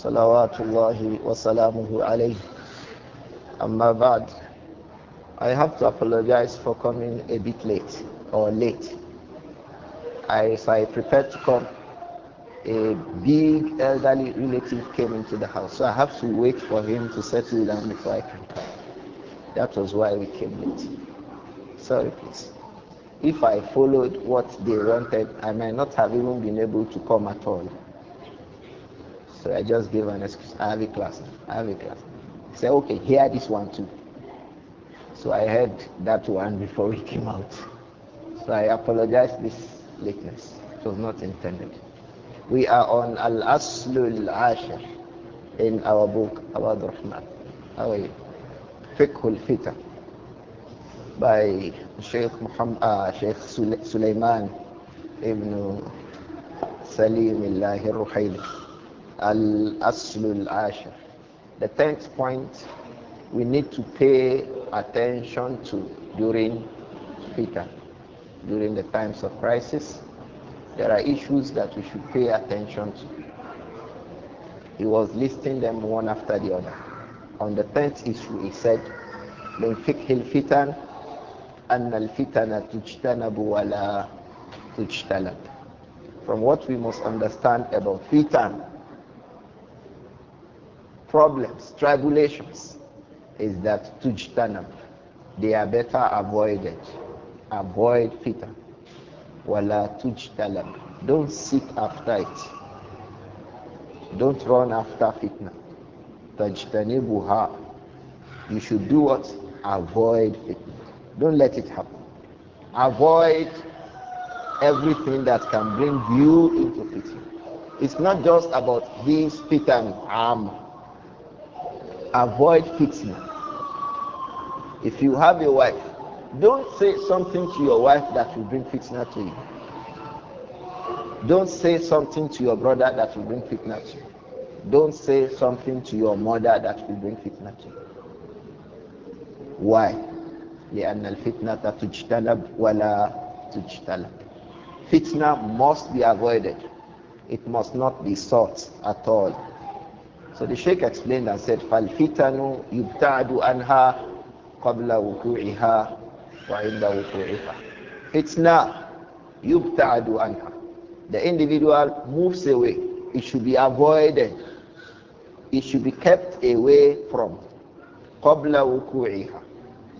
Salawatullahi wa salamuhu alayhi. Amma ba I have to apologize for coming a bit late or late. As I prepared to come, a big elderly relative came into the house. So I have to wait for him to settle down before I can come. That was why we came late. Sorry, please. If I followed what they wanted, I might not have even been able to come at all. So I just gave an excuse. I have a class. I have a class. He said, okay, hear this one too. So I heard that one before we came out. So I apologize this lateness. It was not intended. We are on Al Aslul Ashar in our book Abad Rahman. How are you? Fita by Sheikh Muhammad uh, Sheikh Sulaiman ibn Salim Allahi Ruhaili. Al-Aslul Ashir. The tenth point we need to pay attention to during fita, during the times of crisis. There are issues that we should pay attention to. He was listing them one after the other. On the tenth issue, he said, من فقه الفتن أن الفتن تجتنب ولا تجتلب. From what we must understand about fitan, problems, tribulations, is that tujtanab. They are better avoided. Avoid fitan. Wala tujtalab. Don't seek after it. Don't run after fitna. Tajtanibuha. You should do what? Avoid fitna. Don't let it happen. Avoid everything that can bring you into fitna. It's not just about this fitan. Am um, Avoid fitna. If you have a wife, don't say something to your wife that will bring fitna to you. Don't say something to your brother that will bring fitna to you. Don't say something to your mother that will bring fitna to you. Why? لأن الفتنة تجتنب ولا تجتلب. Fitna must be avoided. It must not be sought at all. So the Sheikh explained and said, فَالْفِتَنُ يُبْتَعْدُ عَنْهَا قَبْلَ وُقُوعِهَا وَعِنْدَ وُقُوعِهَا Fitna يُبْتَعْدُ عَنْهَا The individual moves away. It should be avoided. It should be kept away from قَبْلَ وُقُوعِهَا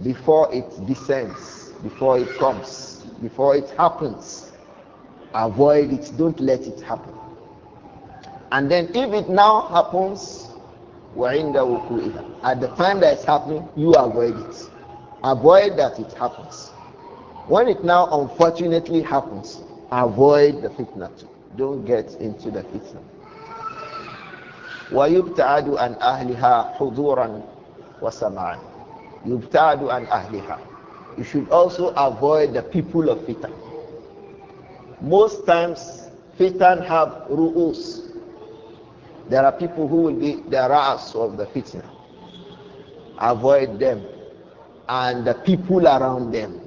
Before it descends, before it comes, before it happens. Avoid it. Don't let it happen. And then if it now happens, at the time that it's happening, you avoid it. Avoid that it happens. When it now unfortunately happens, avoid the fitna too. Don't get into the fitna. ويبتعد عن أهلها حضورا وسمعا يبتعد عن أهلها You should also avoid the people of fitan. Most times, fitan have ru'us, there are people who will be the ras of the fitna. Avoid them and the people around them.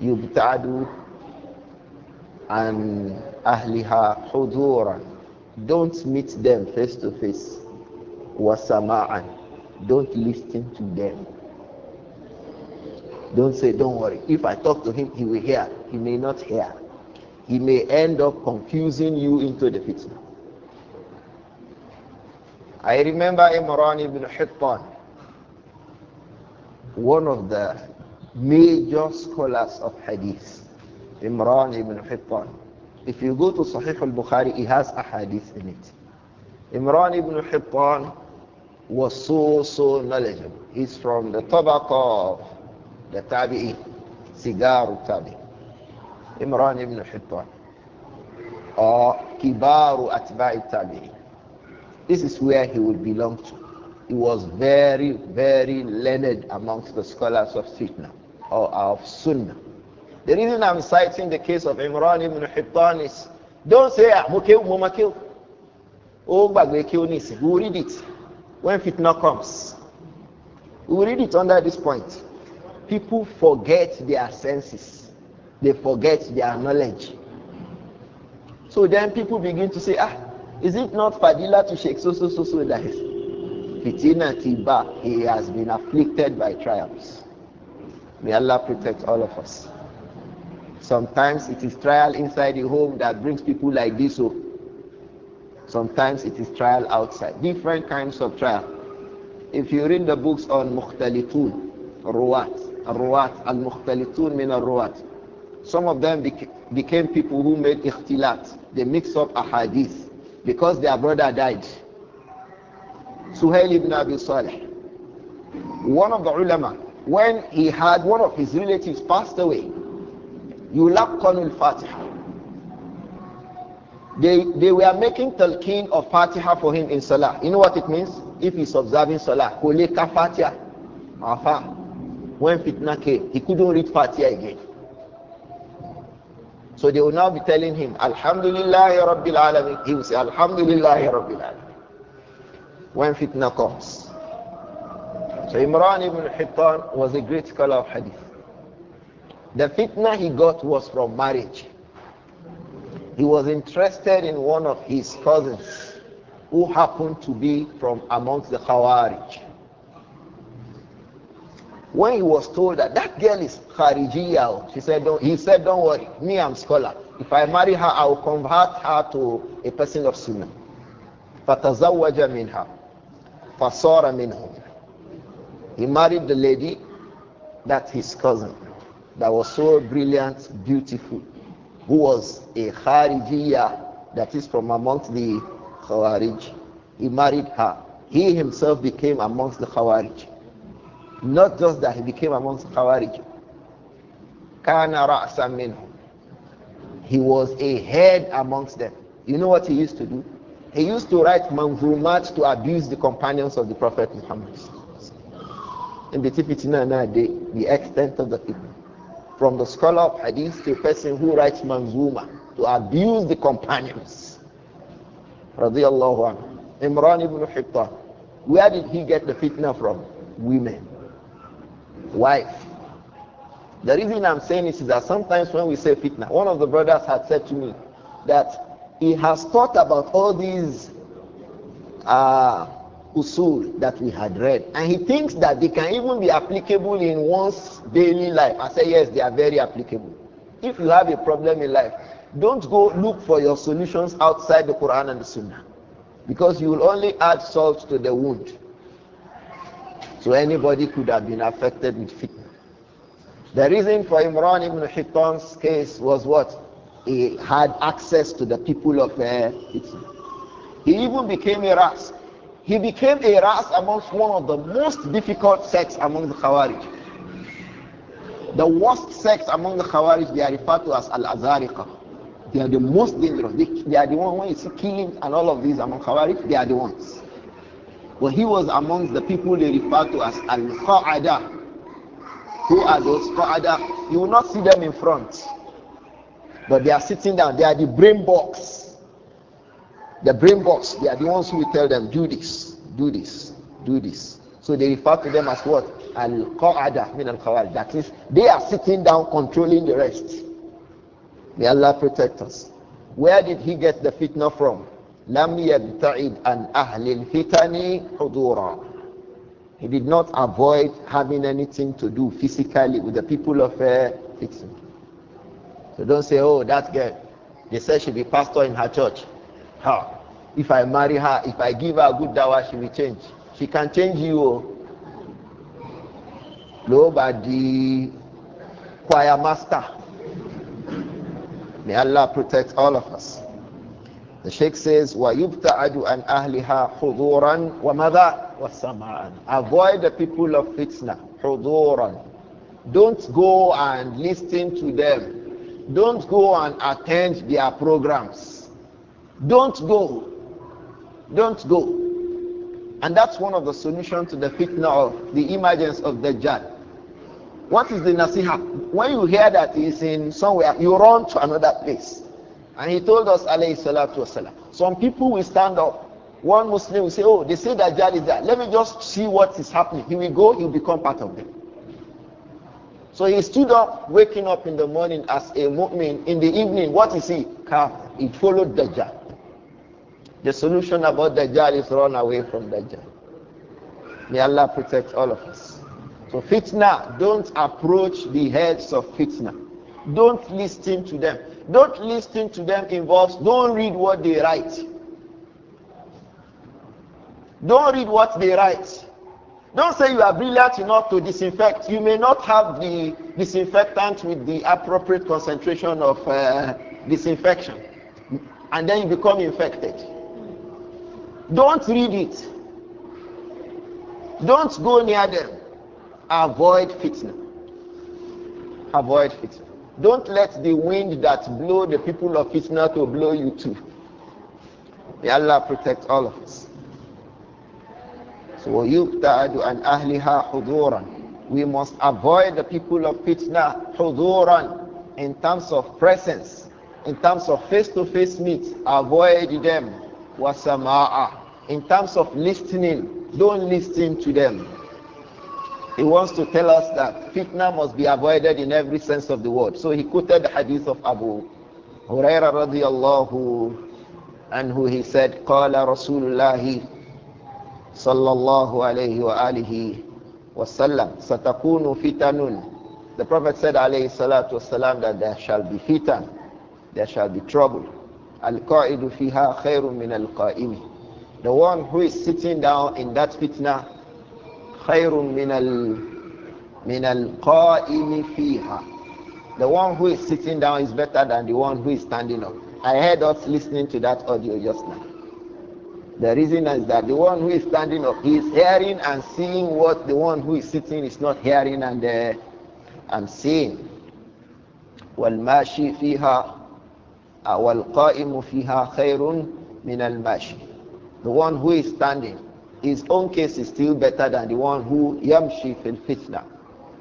يبتعدوا and أهلها حضورا Don't meet them face to face. Wasamaan. Don't listen to them. Don't say, don't worry. If I talk to him, he will hear. He may not hear. He may end up confusing you into the fitna. I remember Imran ibn Hittan, one of the major scholars of hadith. Imran ibn Hittan. If you go to Sahih al-Bukhari, he has a hadith in it. Imran ibn Hittan was so, so knowledgeable. He's from the Tabaqa of the Tabi'i, Sigar Tabi. Imran ibn Hittan. Kibaru Atba'i Tabi'i. This is where he would belong to. He was very, very learned amongst the scholars of Fitna or of Sunnah. The reason I'm citing the case of Imran ibn Hittan is don't say, ah, Mukil, Mumakil. Oh, Bagbekil Nisi. We will read it when Fitna comes. We will read it under this point. People forget their senses, they forget their knowledge. So then people begin to say, ah, is it not Fadila to shake so so so so that Fitina Tiba, he has been afflicted by trials. May Allah protect all of us. Sometimes it is trial inside the home that brings people like this up. Oh. Sometimes it is trial outside. Different kinds of trial. If you read the books on Mukhtalitun, Ruwat, Ruwat, Al Mukhtalitun min Al Ruwat, some of them became people who made ikhtilat. They mix up ahadith because their brother died. Suhail ibn Abi Saleh, one of the ulama, when he had one of his relatives passed away, yulaqqanu al-Fatiha. They, they were making talqin of Fatiha for him in Salah. You know what it means? If he's observing Salah, kuleka Fatiha. When fitna came, he couldn't read Fatiha again. So they will now be telling him, Alhamdulillah Rabbil Alameen. He will say, Alhamdulillah Rabbil Alameen. When fitna comes. So Imran ibn Hittan was a great scholar of hadith. The fitna he got was from marriage. He was interested in one of his cousins who happened to be from amongst the Khawarij. When he was told that that girl is Kharijiya, she said, don't, he said, don't worry, me I'm scholar. If I marry her, I will convert her to a person of Sunnah. فَتَزَوَّجَ مِنْهَا فَصَارَ مِنْهُمْ He married the lady, that his cousin, that was so brilliant, beautiful, who was a Kharijiya, that is from amongst the Khawarij. He married her. He himself became amongst the Khawarij. Not just that he became amongst Khawarij. Kana ra'san minhum. He was a head amongst them. You know what he used to do? He used to write manzumat to abuse the companions of the Prophet Muhammad. In the Tipitina the extent of the people. From the scholar of hadith to a person who writes manzuma to abuse the companions. Radiallahu anhu. Imran ibn Hittan. Where did he get the fitna from? Women wife. The reason I'm saying this is that sometimes when we say fitna, one of the brothers had said to me that he has thought about all these uh, usul that we had read, and he thinks that they can even be applicable in one's daily life. I say, yes, they are very applicable. If you have a problem in life, don't go look for your solutions outside the Quran and the Sunnah, because you will only add salt to the wound. So anybody could have been affected with fitna. The reason for Imran ibn Hittan's case was what? He had access to the people of uh, He even became a ras. He became a ras amongst one of the most difficult sects among the Khawarij. The worst sect among the Khawarij, they are referred to as Al-Azariqa. They are the most dangerous. They, they are the ones when you see killing and all of these among Khawarij, they are the ones when he was amongst the people they refer to as Al-Qa'ada. Who are those Qa'ada? You will not see them in front. But they are sitting down. They are the brain box. The brain box. They are the ones who tell them, do this, do this, do this. So they refer to them as what? Al-Qa'ada min al That is, they are sitting down controlling the rest. May Allah protect us. Where did he get the fitna from? لم يبتعد عن أهل الفتن حضورا he did not avoid having anything to do physically with the people of uh, So don't say, oh, that girl, they said she'll be pastor in her church. How? If I marry her, if I give her a good dawah, she will change. She can change you. Oh. Nobody, choir master. May Allah protect all of us. The Sheikh says, وَيُبْتَعَدُ أَنْ أَهْلِهَا حُضُورًا وَمَذَا Avoid the people of fitna. حُضُورًا Don't go and listen to them. Don't go and attend their programs. Don't go. Don't go. And that's one of the solutions to the fitna of the emergence of the Dajjal. What is the nasiha? When you hear that he's in somewhere, you run to another place. And he told us, wasalam. Some people will stand up. One Muslim will say, oh, they say that Dajjal is there. Let me just see what is happening. He will go, he will become part of them. So he stood up, waking up in the morning as a mu'min. In the evening, what is he? Kafir. He followed Dajjal. The solution about Dajjal is run away from Dajjal. May Allah protect all of us. So fitna, don't approach the heads of fitna. Don't listen to them. Don't listen to them in verse. Don't read what they write. Don't read what they write. Don't say you are brilliant enough to disinfect. You may not have the disinfectant with the appropriate concentration of uh, disinfection. And then you become infected. Don't read it. Don't go near them. Avoid fitna. Avoid fitna. Don't let the wind that blow the people of Fitna to blow you too. May Allah protect all of us. So وَيُبْتَعَدُ عَنْ أَهْلِهَا We must avoid the people of Fitna huduran in terms of presence, in terms of face-to-face meet, avoid them. wasamaa. In terms of listening, don't listen to them. He wants to tell us that fitna must be avoided in every sense of the word. So he quoted the hadith of Abu Huraira radiallahu anhu. He said, قال Rasulullah sallallahu صلى الله عليه وآله وسلم ستكون فتن the Prophet said, alayhi salatu salam that there shall be fitan, there shall be trouble. Al-qa'idu fiha khayrun min al-qa'imi. The one who is sitting down in that fitna خير من ال من القائم فيها the one who is sitting down is better than the one who is standing up i heard us listening to that audio just now the reason is that the one who is standing up he is hearing and seeing what the one who is sitting is not hearing and uh, and seeing والماشي فيها والقائم فيها خير من الماشي the one who is standing his own case is still better than the one who yamshi fil fitna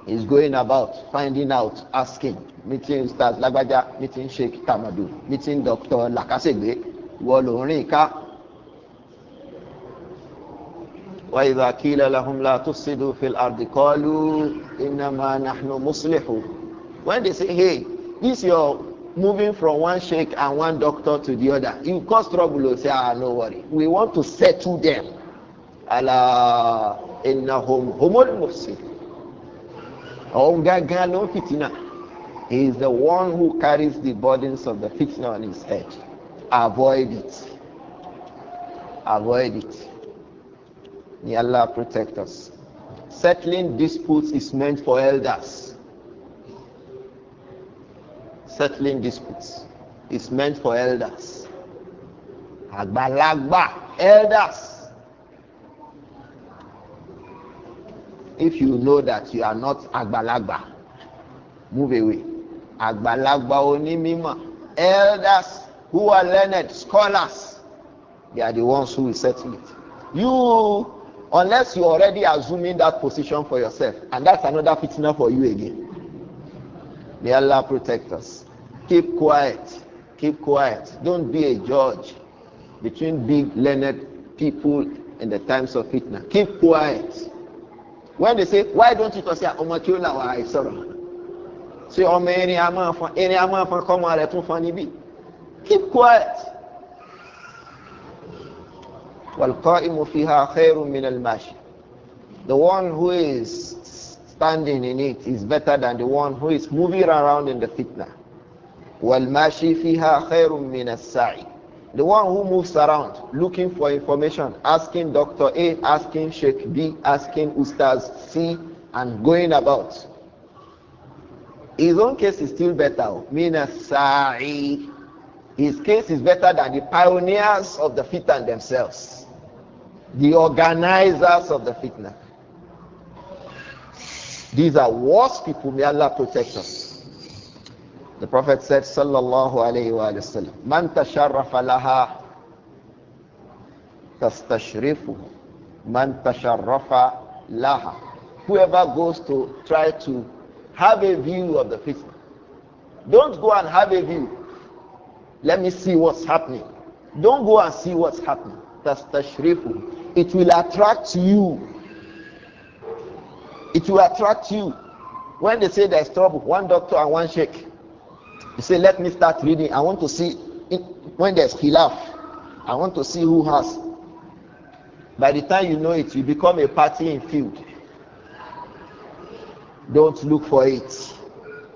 is going about finding out asking meeting stars lagbaja meeting sheikh tamadu meeting doctor lakasegbe wọ lórin ká. وإذا قيل لهم لا تفسدوا في الأرض قالوا إنما نحن مصلحون when they say hey this your moving from one sheikh and one doctor to the other you cause trouble o say ah no worry we want to settle them Allah, innahum humul mufsid òun gángan he is the one who carries the burdens of the fitna on his head avoid it avoid it may allah protect us settling disputes is meant for elders settling disputes is meant for elders agbalagba elders If you know that you are not agbalagba, move away. Agbalagba onimima, elders who are learned, scholars, they are the ones who will settle it. You, unless you're already assuming that position for yourself, and that's another fitna for you again. May Allah protect us. Keep quiet. Keep quiet. Don't be a judge between big learned people in the times of fitna. Keep quiet when they say why don't you consider ah, ọmọ kí ó là wà àìsọ̀rọ̀ say ọmọ erin a máa fọn erin a máa fọn kọ́mọ rẹ̀ tún fọn níbí keep quiet. والقائم فيها خير من الماشي the one who is standing in it is better than the one who is moving around in the fitna والماشي فيها خير من السعي the one who moves around looking for information, asking Dr. A, asking Sheikh B, asking Ustaz C, and going about. His own case is still better. Oh. Mina His case is better than the pioneers of the fitna themselves, the organizers of the fitna. These are worse people. May Allah protect us. The Prophet said, Sallallahu Alaihi Wasallam. Man tasharrafa laha tastashrifuhu. Man tasharrafa laha. Whoever goes to try to have a view of the fitna. Don't go and have a view. Let me see what's happening. Don't go and see what's happening. tashrifu. It will attract you. It will attract you. When they say there's trouble, one doctor and one sheikh. You say, let me start reading. I want to see when there's hilaf. I want to see who has. By the time you know it, you become a party in field. Don't look for it.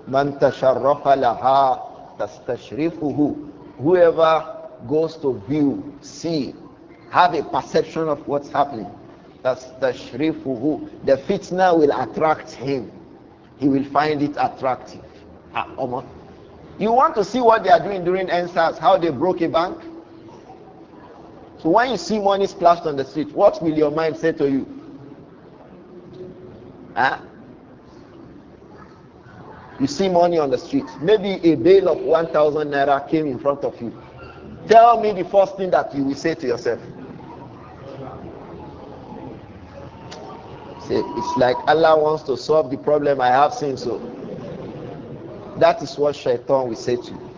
Man tasharrafa laha tastashrifuhu. Whoever goes to view, see, have a perception of what's happening. Tastashrifuhu. The fitna will attract him. He will find it attractive. Ah, you want to see what they are doing during NSAS, how they broke a bank? So when you see money splashed on the street, what will your mind say to you? Huh? You see money on the street. Maybe a bale of 1,000 naira came in front of you. Tell me the first thing that you will say to yourself. Say, it's like Allah wants to solve the problem I have seen so. That is what shaitan will say to you.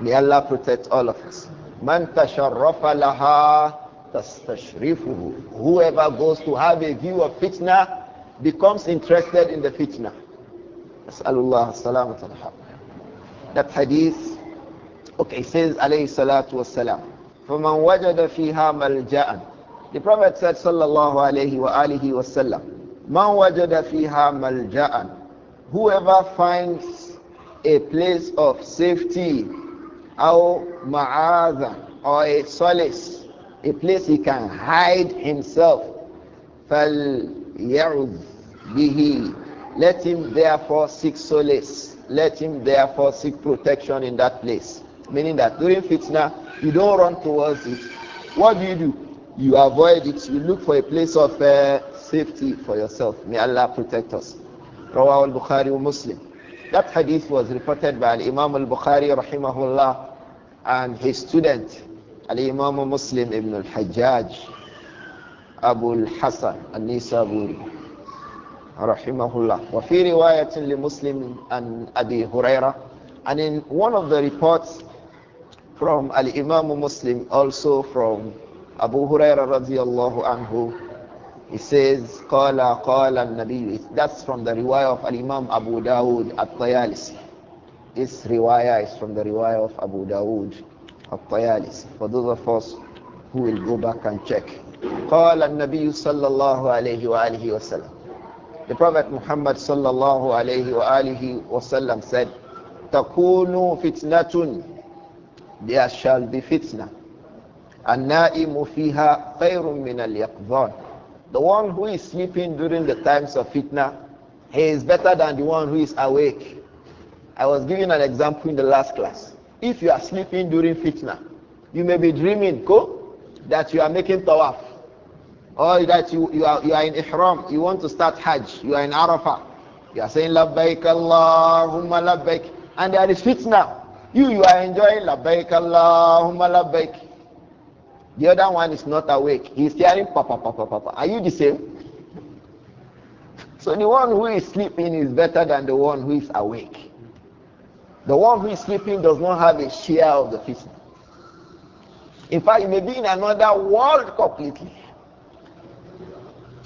May Allah protect all of us. Man tasharrafa laha tastashrifuhu. Whoever goes to have a view of fitna becomes interested in the fitna. As'alullah salamat That hadith, okay, says alayhi salatu wassalam. فَمَنْ وَجَدَ فِيهَا مَلْجَأً The Prophet said sallallahu alayhi wa alihi wasallam, مَنْ وَجَدَ فِيهَا مَلْجَأً Whoever finds a place of safety or ma'adha or a solace, a place he can hide himself. فَلْيَعُذْ bihi. Let him therefore seek solace. Let him therefore seek protection in that place. Meaning that during fitna, you don't run towards it. What do you do? You avoid it. You look for a place of uh, safety for yourself. May Allah protect us. رواه البخاري Muslim. That hadith was reported by Imam al-Bukhari rahimahullah and his student al-Imam Muslim ibn al-Hajjaj Abu al-Hasan al-Nisaburi rahimahullah. وفي رواية لمسلم عن أبي هريرة and in one of the reports from al-Imam Muslim also from Abu Hurairah radiyallahu anhu it says, Qala Qala Nabi. That's from the riwayah of Al Imam Abu Dawood at Tayalisi. This riwayah is from the riwayah of Abu Dawood at Tayalisi. For those of us who will go back and check. Qala Nabi sallallahu alayhi wa alihi wa The Prophet Muhammad sallallahu alayhi wa alihi wa said, Takunu fitnatun. There shall be fitna. النائم فيها خير من اليقظان the one who is sleeping during the times of fitna, he is better than the one who is awake. I was giving an example in the last class. If you are sleeping during fitna, you may be dreaming, go, that you are making tawaf, or that you, you, are, you are in ihram, you want to start hajj, you are in Arafah, you are saying labbaik Allahumma labbaik, and there is fitna. You, you are enjoying labbaik Allahumma labbaik. The other one is not awake. He's hearing papa, papa, papa. Are you the same? So the one who is sleeping is better than the one who is awake. The one who is sleeping does not have a share of the feast. In fact, he may be in another world completely.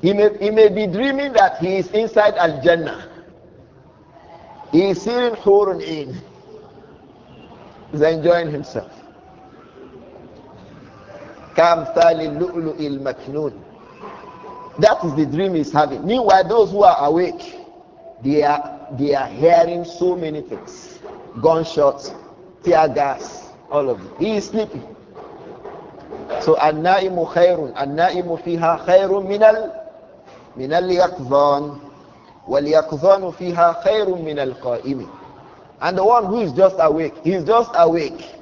He may, he may be dreaming that he is inside Al Jannah. He is seeing Hurun in. He's enjoying himself. Kamthali lu'lu il That is the dream he's having. Meanwhile, those who are awake, they are they are hearing so many things. Gunshots, tear gas, all of it. He is sleeping. So An-Na'imu khayrun, An-Na'imu fiha khayrun minal minal yaqzan wal yaqzanu fiha khayrun And the one who is just awake, he is just awake.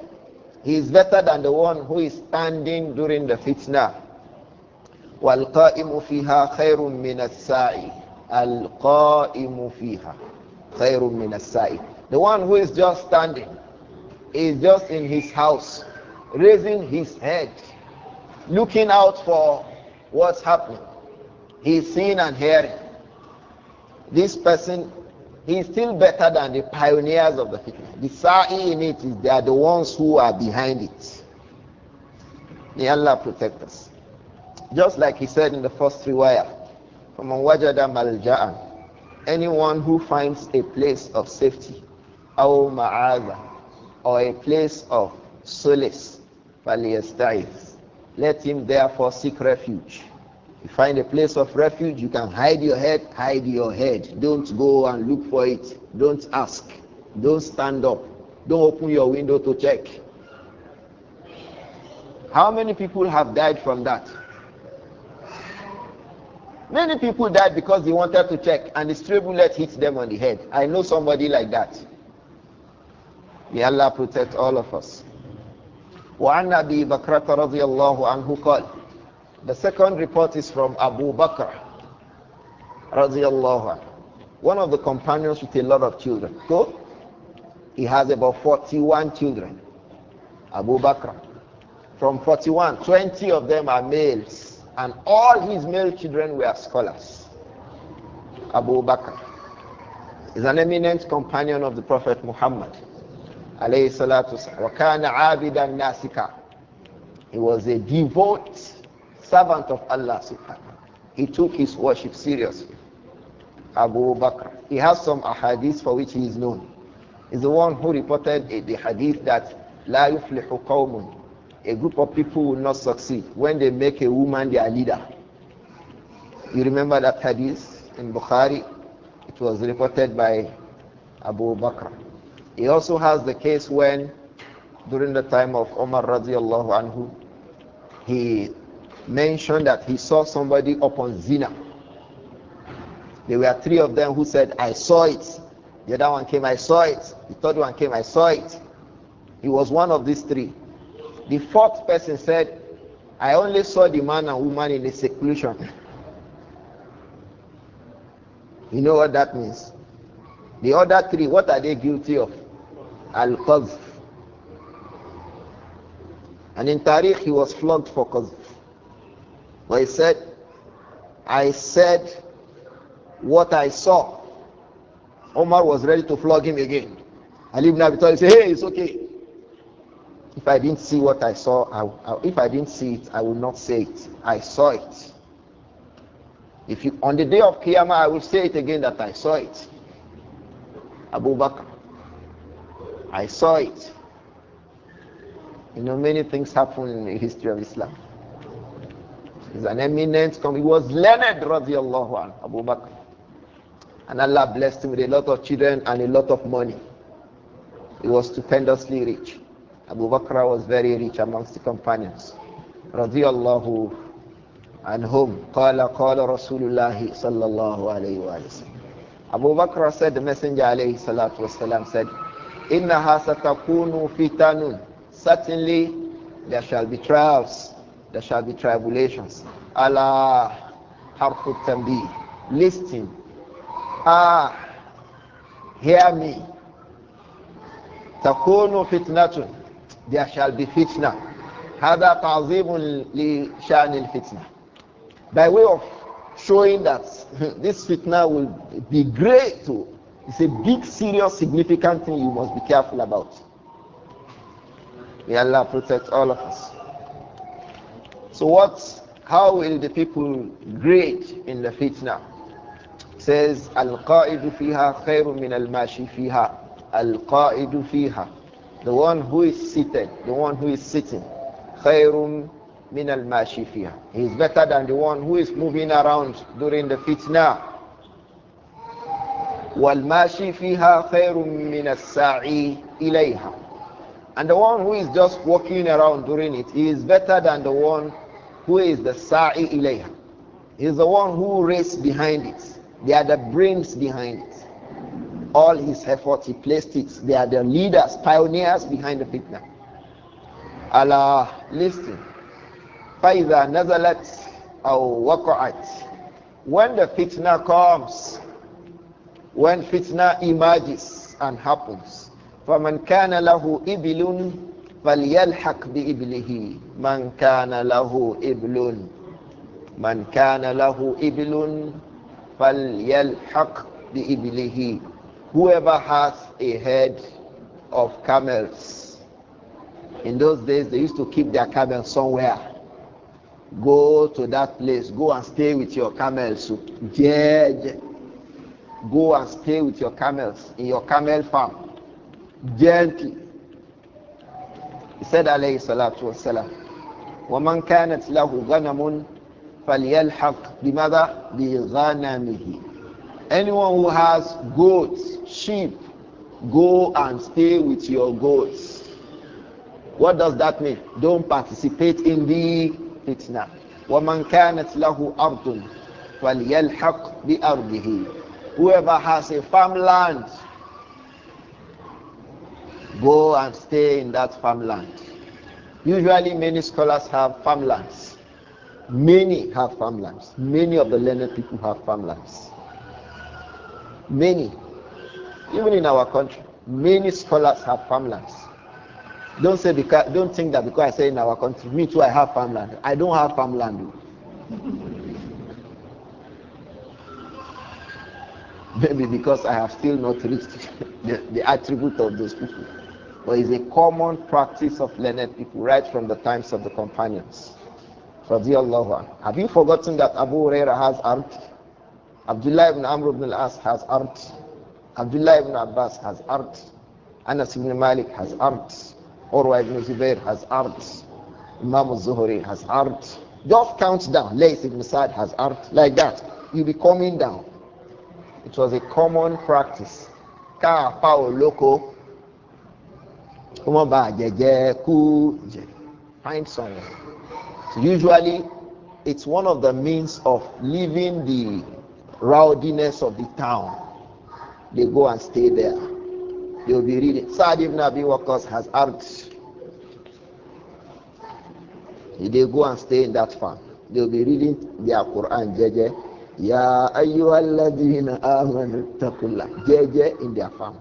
He is better than the one who is standing during the fitna. والقائم فيها خير من الساعي القائم فيها خير من The one who is just standing is just in his house, raising his head, looking out for what's happening. He's seeing and hearing. This person he is still better than the pioneers of the fitna. The sa'i in it is they are the ones who are behind it. May Allah protect us. Just like he said in the first three wire, from wajada malja'an, anyone who finds a place of safety, aw ma'aza, or a place of solace, falyasta'iz. Let him therefore seek refuge. You find a place of refuge, you can hide your head, hide your head. Don't go and look for it. Don't ask. Don't stand up. Don't open your window to check. How many people have died from that? Many people died because they wanted to check and the stray bullet hit them on the head. I know somebody like that. May Allah protect all of us. وعن أبي بكرة رضي الله عنه قال the second report is from Abu Bakr radiallahu anh, one of the companions with a lot of children. So he has about 41 children. Abu Bakr. From 41, 20 of them are males, and all his male children were scholars. Abu Bakr is an eminent companion of the Prophet Muhammad. He was a devout servant of Allah He took his worship seriously. Abu Bakr. He has some ahadith for which he is known. He's the one who reported the hadith that La yuflihu qawmun. A group of people will not succeed when they make a woman their leader. You remember that hadith in Bukhari? It was reported by Abu Bakr. He also has the case when, during the time of Omar radiallahu anhu, he mentioned that he saw somebody upon zina. There were three of them who said, I saw it. The other one came, I saw it. The third one came, I saw it. He was one of these three. The fourth person said, I only saw the man and woman in the seclusion. you know what that means? The other three, what are they guilty of? Al Qazf. And in Tariq, he was flogged for Qazf. But he said, I said what I saw. Omar was ready to flog him again. Ali ibn Abi Talib said, Hey, it's okay. If I didn't see what I saw, I, I, if I didn't see it, I would not say it. I saw it. If you on the day of Qiyamah, I will say it again that I saw it. Abu Bakr, I saw it. You know, many things happen in the history of Islam. He's an eminent, he was learned, radiallahu anh, Abu Bakr. And Allah blessed him with a lot of children and a lot of money. He was stupendously rich. Abu Bakr was very rich amongst the companions. Radiallahu whom? Qala qala Rasulullah sallallahu alayhi wa Abu Bakr said, the Messenger alayhi salatu wasalam said, Innaha satakunu fitanun. Certainly there shall be trials. There shall be tribulations. Allah harfu tambi. Listen. Ah, hear me. تكون fitnatun. there shall be fitna هذا تعظيم shanil fitna. by way of showing that this fitna will be great it's a big serious significant thing you must be careful about may Allah protect all of us so what? How will the people grade in the fitna? says al-qa'idu fiha min al-mashi fiha al-qa'idu fiha the one who is seated the one who is sitting khairun min al-mashi fiha he is better than the one who is moving around during the fitna wal-mashi fiha khairun min as-sa'i ilayha and the one who is just walking around during it he is better than the one who is the sa'i ilayha. He's the one who races behind it. They are the brains behind it. All his efforts, he placed it. They are the leaders, pioneers behind the fitna. Allah, listen. فَإِذَا نَزَلَتْ أَوْ وَقَعَتْ When the fitna comes, when fitna emerges and happens, فَمَنْ كَانَ لَهُ إِبِلٌ فليلحق بإبله من كان له إبل من كان له إبل فليلحق بإبله whoever has a head of camels in those days they used to keep their camels somewhere go to that place go and stay with your camels judge go and stay with your camels in your camel farm gently He said, alayhi salatu wasalam, وَمَنْ كَانَتْ لَهُ غَنَمٌ فَلْيَلْحَقْ بِمَذَا بِغَنَمِهِ Anyone who has goats, sheep, go and stay with your goats. What does that mean? Don't participate in the fitna. وَمَنْ كَانَتْ لَهُ أَرْضٌ فَلْيَلْحَقْ بِأَرْضِهِ Whoever has a farmland, Go and stay in that farmland. Usually, many scholars have farmlands. Many have farmlands. Many of the learned people have farmlands. Many. Even in our country, many scholars have farmlands. Don't say because don't think that because I say in our country, me too, I have farmland. I don't have farmland. Maybe because I have still not reached the, the attribute of those people. But it's a common practice of learned people right from the times of the companions. Have you forgotten that Abu Huraira has art? Abdullah ibn Amr ibn al-As has art. Abdullah ibn Abbas has art. Anas ibn Malik has art. Urwa ibn Zubair has art. Imam al-Zuhri has art. Just count down. Layth ibn Sa'd has art. Like that. You'll be coming down. It was a common practice. Ka, pa, loco. Uma ba jeje ku find somewhere. So usually, it's one of the means of leaving the rowdiness of the town. They go and stay there. They will be reading. Sad Saad ibn Abi workers has art. They go and stay in that farm. They will be reading their Quran jeje. Ya ayyuhalladhina amanu taqullah. Jeje in their farm.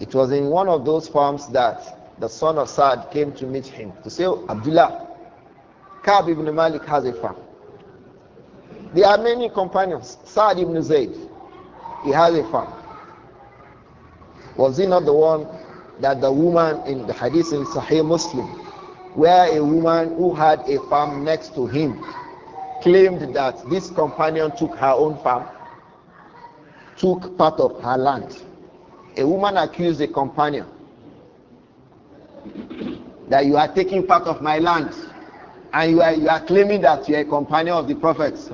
It was in one of those farms that the son of Saad came to meet him to say, oh, Abdullah, Kab ibn Malik has a farm. There are many companions. Saad ibn Zaid, he has a farm. Was he not the one that the woman in the hadith in Sahih Muslim, where a woman who had a farm next to him claimed that this companion took her own farm, took part of her land? A woman accused a companion that you are taking part of my land and you are, you are claiming that you are a companion of the prophets.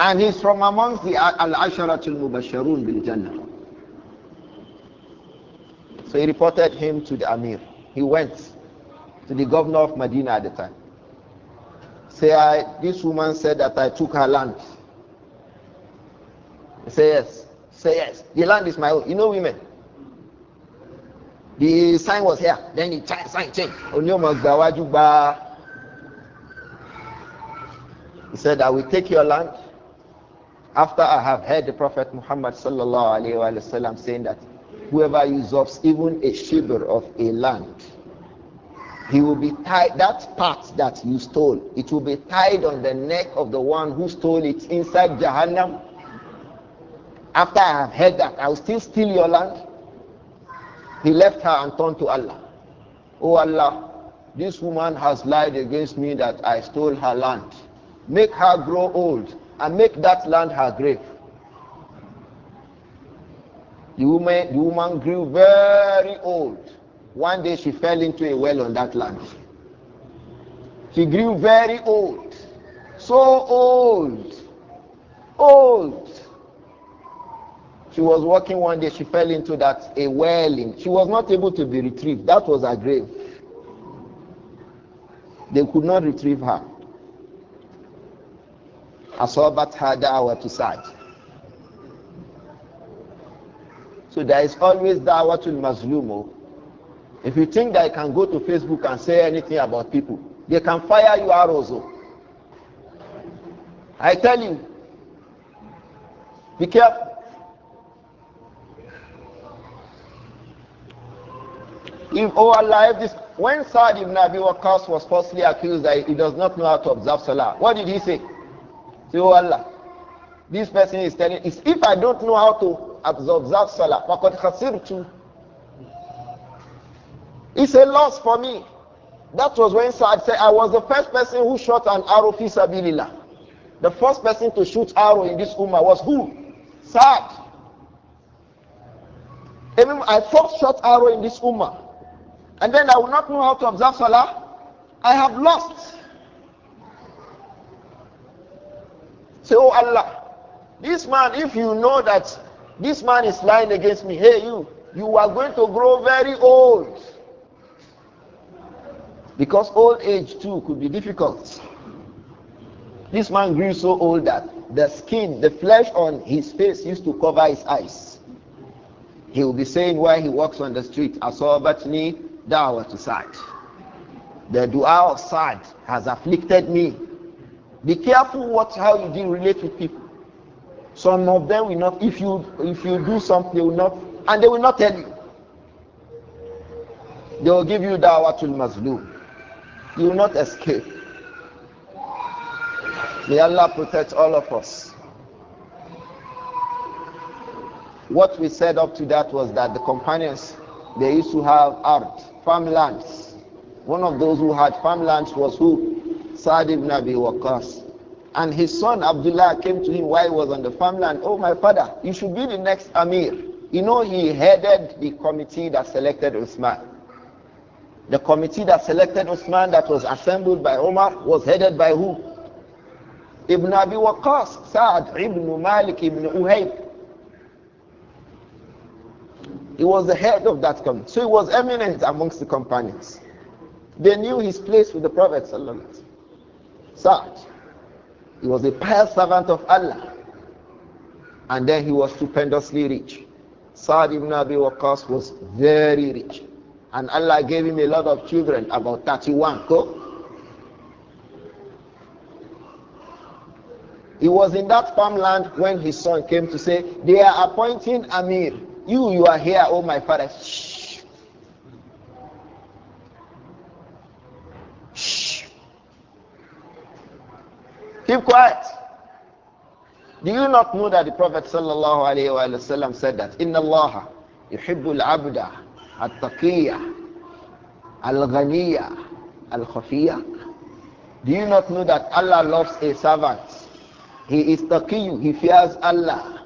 And he's from amongst the al al Mubasharun bil Jannah. So he reported him to the Amir. He went to the governor of Medina at the time. Say, I, this woman said that I took her land. Say yes. Say yes. The land is my own. You know women. The sign was here. Then the changed. sign changed. He said, I will take your land after I have heard the Prophet Muhammad sallallahu saying that whoever usurps even a shibr of a land, he will be tied, that part that you stole, it will be tied on the neck of the one who stole it inside Jahannam after I have heard that, I will still steal your land. He left her and turned to Allah. Oh Allah, this woman has lied against me that I stole her land. Make her grow old and make that land her grave. The woman, the woman grew very old. One day she fell into a well on that land. She grew very old. So old. Old. She was walking one day, she fell into that a welling. She was not able to be retrieved. That was her grave. They could not retrieve her. Asobat hada our pisaj. So there is always dawatul mazlumo. If you think that you can go to Facebook and say anything about people, they can fire you arrows. Oh. I tell you, be careful. If oh Allah, if this when Saad ibn Abi Waqqas was falsely accused that he does not know how to observe Salah, what did he say? Say, oh Allah, this person is telling is if I don't know how to observe Salah, فَقَدْ خَسِرْتُ It's a loss for me. That was when Saad said, I was the first person who shot an arrow fi sabilillah. The first person to shoot arrow in this ummah was who? Saad. I first shot arrow in this ummah and then I will not know how to observe Salah, I have lost. Say, oh Allah, this man, if you know that this man is lying against me, hey, you, you are going to grow very old. Because old age too could be difficult. This man grew so old that the skin, the flesh on his face used to cover his eyes. He will be saying while he walks on the street, Asabatni da'wah to sa The dua of sa has afflicted me. Be careful what how you deal relate with people. Some of them will not, if you if you do something, they will not, and they will not tell you. They will give you to mazlum. You will not escape. May Allah protect all of us. What we said up to that was that the companions they used to have art farmlands. One of those who had farmlands was who? Saad ibn Abi Waqas. And his son Abdullah came to him while he was on the farmland. Oh, my father, you should be the next Amir. You know, he headed the committee that selected Usman. The committee that selected Usman that was assembled by Omar was headed by who? Ibn Abi Waqas, Sa'ad ibn Malik ibn Uhayb. He was the head of that company. So he was eminent amongst the companions. They knew his place with the Prophet. Such. He was a pious servant of Allah. And then he was stupendously rich. Sa'd ibn Abi Waqqas was very rich. And Allah gave him a lot of children, about 31. Go. He was in that farmland when his son came to say, They are appointing Amir. You, you are here, oh my father. Shh. Shh. Keep quiet. Do you not know that the Prophet sallallahu alaihi wasallam said that Inna Allah yuhibbul abda at-taqiyya al-ghaniyya al khafiya. Do you not know that Allah loves a servant? He is taqiyyu, he fears Allah.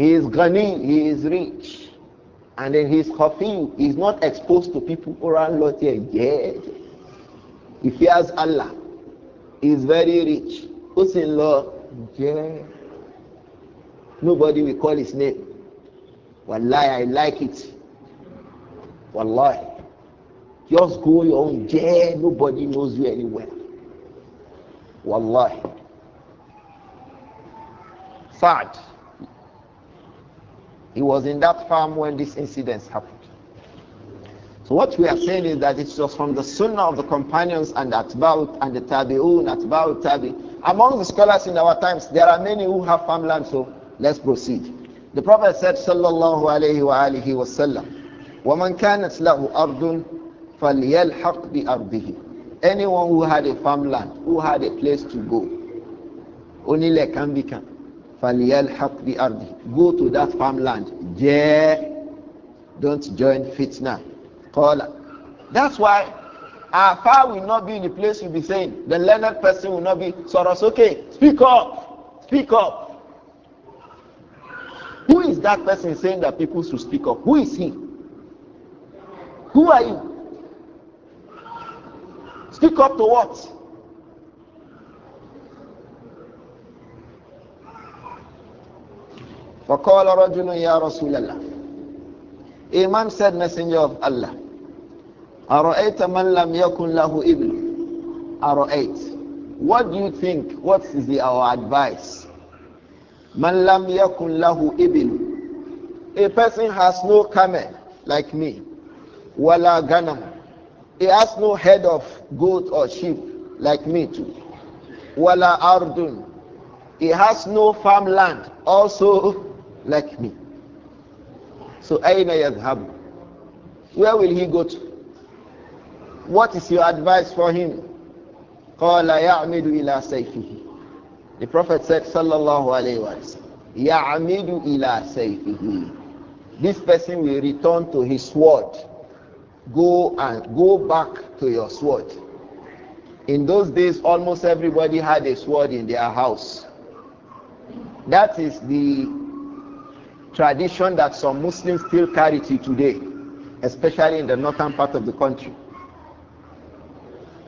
He is ghani, he is rich. And then his khafin, is not exposed to people around lot here. Yeah. He fears Allah. He's very rich. Who's in law? Yeah. Nobody will call his name. Wallahi, I like it. Wallahi. Just go your own yeah, nobody knows you anywhere. Wallahi. Sad. He was in that farm when this incident happened. So what we are saying is that it was from the sunnah of the companions and atba'ut and the tabi'un, atba'ut tabi. Among the scholars in our times, there are many who have farmland, so let's proceed. The Prophet said, sallallahu alaihi wa alihi wa sallam, وَمَنْ كَانَتْ لَهُ أَرْضٌ فَلْيَلْحَقْ بِأَرْضِهِ Anyone who had a farmland, who had a place to go, only can be kan فَلْيَلْحَقْ بِأَرْضِ Go to that farmland. There, don't join fitna. Qala. That's why our far will not be in the place you'll be saying. The learned person will not be sọ̀rọ̀ okay, Speak up. Speak up. Who is that person saying that people should speak up? Who is he? Who are you? Speak up to what? فقال رجل يا رسول الله a man said, Messenger of Allah, أَرَأَيْتَ مَنْ لَمْ يَكُنْ لَهُ إِبْلُ أَرَأَيْتَ What do you think? What is the, our advice? مَنْ لَمْ يَكُنْ لَهُ إِبْلُ A person has no camel, like me. وَلَا غَنَمْ He has no head of goat or sheep, like me too. وَلَا أَرْضٌ He has no farmland, also like me. So Aina Yadhab. Where will he go to? What is your advice for him? The Prophet said sallallahu alayhi Wasallam." يعمد إلى سيفه This person will return to his sword. Go and go back to your sword. In those days, almost everybody had a sword in their house. That is the tradition that some Muslims still carry to today, especially in the northern part of the country.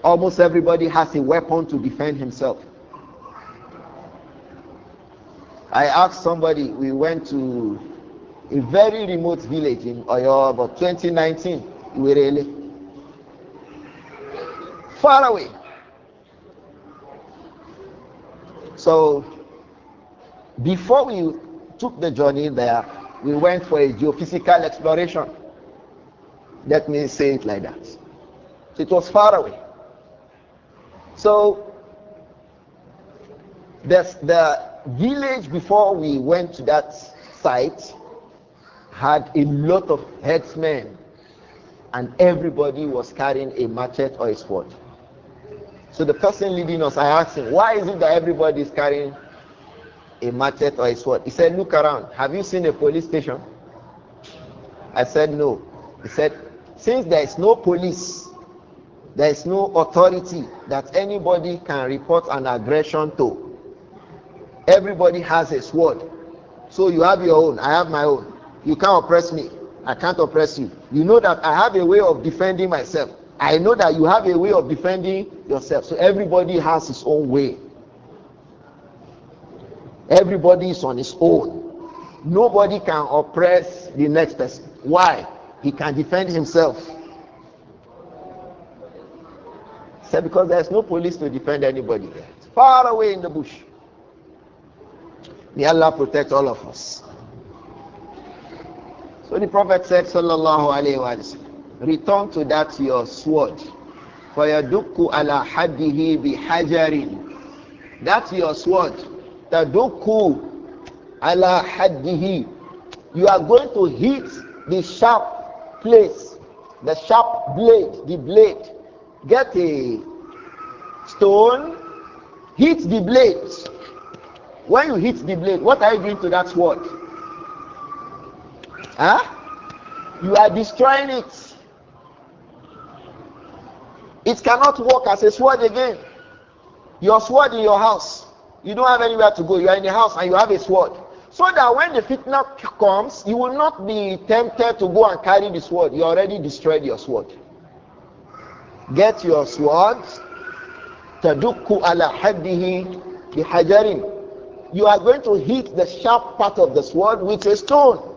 Almost everybody has a weapon to defend himself. I asked somebody, we went to a very remote village in Oyo about 2019, Iwerele. Far away. So, before we took the journey there, we went for a geophysical exploration. Let me say it like that. It was far away. So the village before we went to that site had a lot of headsmen and everybody was carrying a machete or a sword. So the person leading us, I asked him, why is it that everybody is carrying a machete or a sword. He said, Look around. Have you seen a police station? I said, No. He said, Since there is no police, there is no authority that anybody can report an aggression to. Everybody has a sword. So you have your own, I have my own. You can't oppress me, I can't oppress you. You know that I have a way of defending myself. I know that you have a way of defending yourself. So everybody has his own way. Everybody is on his own. Nobody can oppress the next person. Why? He can defend himself. Said because there's no police to defend anybody there. It's far away in the bush. May Allah protect all of us. So the Prophet said, Sallallahu Alaihi Wasallam, return to that your sword. فَيَدُكُّ عَلَى bi بِحَجَرٍ That's your sword. Taduku ala hadihi. You are going to hit the sharp place, the sharp blade, the blade. Get a stone, hit the blade. When you hit the blade, what are you doing to that sword? Huh? You are destroying it. It cannot work as a sword again. Your sword in your house. You don't have anywhere to go. You are in the house and you have a sword. So that when the fitna comes, you will not be tempted to go and carry the sword. You already destroyed your sword. Get your sword. Tadukku ala haddihi bihajarin. You are going to hit the sharp part of the sword with a stone.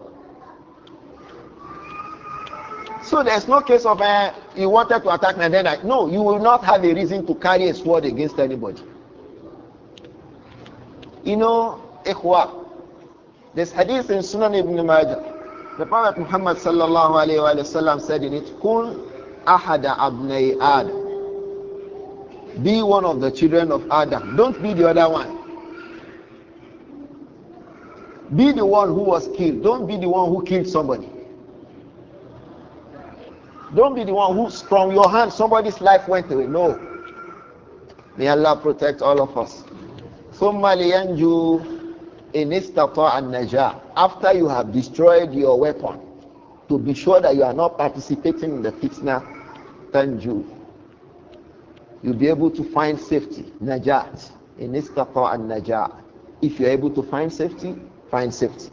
So there's no case of uh, you wanted to attack and then No, you will not have a reason to carry a sword against anybody. You know, ikhwa. This hadith in Sunan ibn Majah. The Prophet Muhammad sallallahu alayhi wa sallam said in it, Kun ahada abnay Adam. Be one of the children of Adam. Don't be the other one. Be the one who was killed. Don't be the one who killed somebody. Don't be the one who, from your hand, somebody's life went away. No. May Allah protect all of us. ثُمَّ in إِنِ اسْتَطَاعَ النَّجَاةِ After you have destroyed your weapon, to be sure that you are not participating in the fitna, then You'll be able to find safety, najat, in istata and najat. If you're able to find safety, find safety.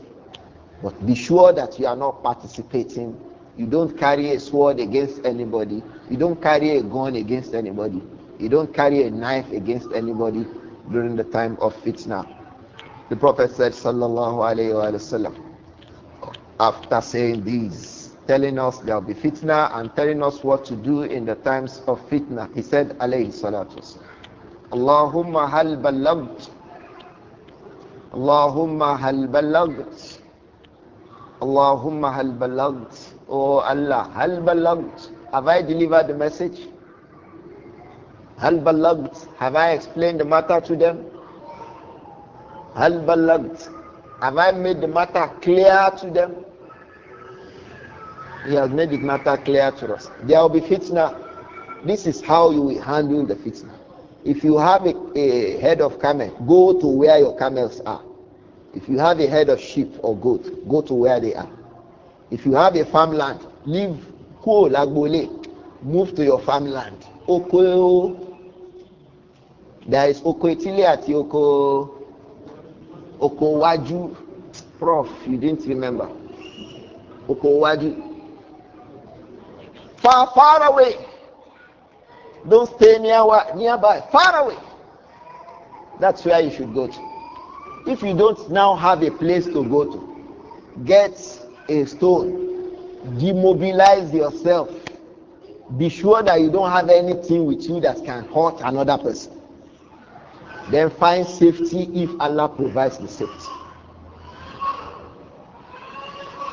But be sure that you are not participating. You don't carry a sword against anybody. You don't carry a gun against anybody. You don't carry a knife against anybody during the time of fitna. The Prophet said, Sallallahu Alaihi Wasallam, after saying these, telling us there will be fitna and telling us what to do in the times of fitna, he said, Alayhi Salatu Allahumma hal ballagt. Allahumma hal ballagt. Allahumma hal ballagt. Oh Allah, hal ballagt. Have I delivered the message? Have I explained the matter to them? Have I made the matter clear to them? He has made the matter clear to us. There will be fitna. This is how you will handle the fitna. If you have a, a head of camel, go to where your camels are. If you have a head of sheep or goat, go to where they are. If you have a farmland, leave Ko Lagbole, move to your farmland. Oko there is oko etile àti oko oko wájú prof you didn't remember oko wájú far far away don't stay near nearby far away that's where you should go to if you don't now have a place to go to get a stone demobilize yourself be sure that you don't have anything with you that can hurt another person then find safety if Allah provides the safety.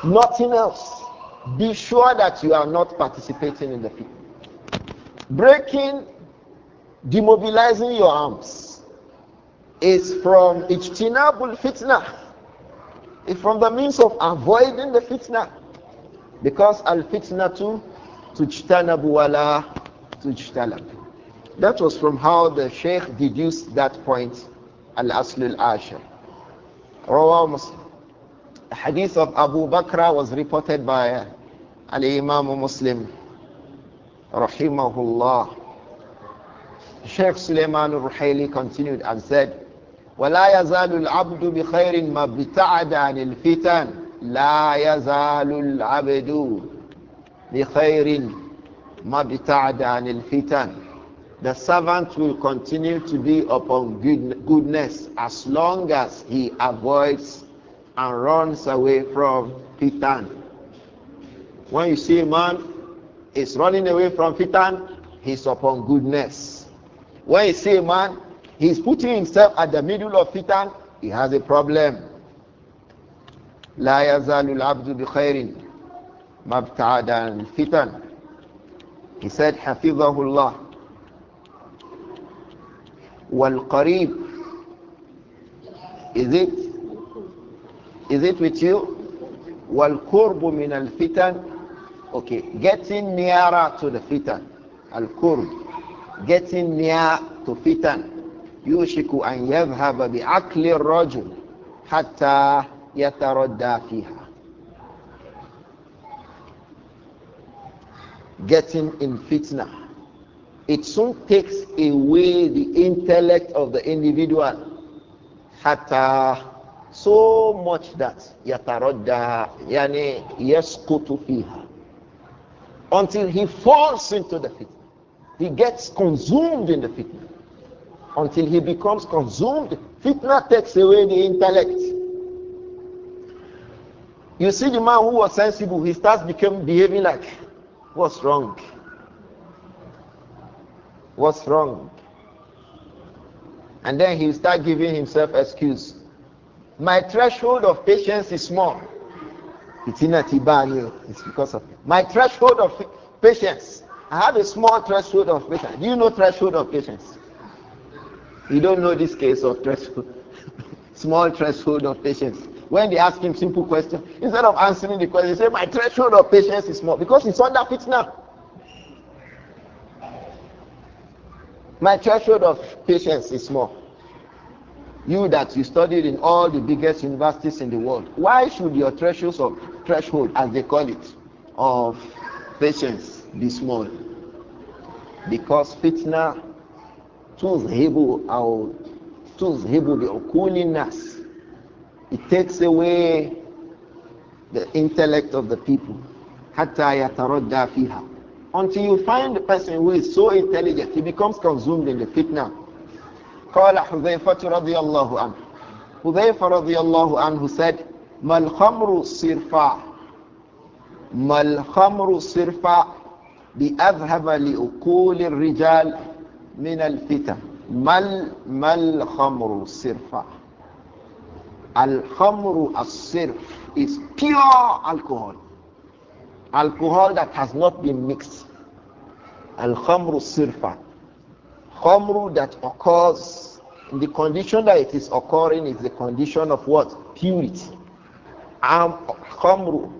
Nothing else. Be sure that you are not participating in the fitna. Breaking, demobilizing your arms is from ijtinabul fitna. It's from the means of avoiding the fitna. Because al fitna too, tujtanabu wala tujtalabu. That was from how the Sheikh deduced that point, Al-Asl al-Ashir. Rawah Muslim. The hadith of Abu Bakr was reported by Al-Imam Muslim, rahimahullah. Sheikh Suleiman al-Ruhaili continued and said, ولا يزال العبد بخير ما ابتعد عن الفتن لا يزال العبد بخير ما ابتعد عن الفتن the servant will continue to be upon good, goodness as long as he avoids and runs away from fitan. When you see a man is running away from fitan, he's upon goodness. When you see a man, he's putting himself at the middle of fitan, he has a problem. لا يزال العبد بخير ما ابتعد عن الفتن. He said, حفظه الله والقريب is it is it with you والقرب من الفتن okay getting nearer to the fitan القرب getting near to fitan يوشك أن يذهب بعقل الرجل حتى يتردى فيها getting in fitna it soon takes away the intellect of the individual. Hatta so much that yatarodda yani yaskutu fiha until he falls into the fitna. He gets consumed in the fitna. Until he becomes consumed, fitna takes away the intellect. You see the man who was sensible, he starts becoming behaving like what's wrong? What's wrong? And then he'll start giving himself excuse. My threshold of patience is small. It's in a It's because of my threshold of patience. I have a small threshold of patience. Do you know threshold of patience? You don't know this case of threshold. small threshold of patience. When they ask him simple question, instead of answering the question, they say, My threshold of patience is small because it's under fitna. My threshold of patience is small. You that you studied in all the biggest universities in the world, why should your thresholds of threshold, as they call it, of patience be small? Because fitna able our able bi ukulinas. It takes away the intellect of the people until you find the person who is so intelligent, he becomes consumed in the fitna. قال حذيفة رضي الله عنه حذيفة رضي الله عنه said ما الخمر صرفا ما الخمر صرفا بأذهب لأقول الرجال من الفتن ما ما الخمر صرفا الخمر الصرف is pure alcohol alcohol that has not been mixed. Al khamru sirfa. Khamru that occurs, the condition that it is occurring is the condition of what? Purity. Am, khamru,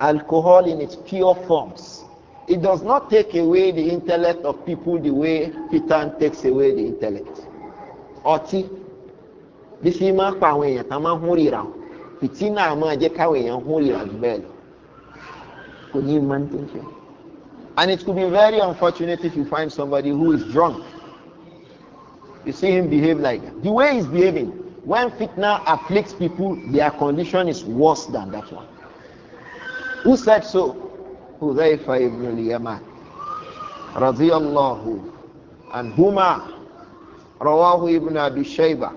alcohol in its pure forms. It does not take away the intellect of people the way pitan takes away the intellect. Ọtí bí máa pa àwọn èèyàn tá máa ń máa jẹ́ káwọn èèyàn jù bẹ́ẹ̀ lọ. And it could be very unfortunate if you find somebody who is drunk. You see him behave like that. The way he's behaving, when fitna afflicts people, their condition is worse than that one. Who said so? Hudhaifa ibn al-Yaman. and Huma. Rawahu ibn Abi Shayba.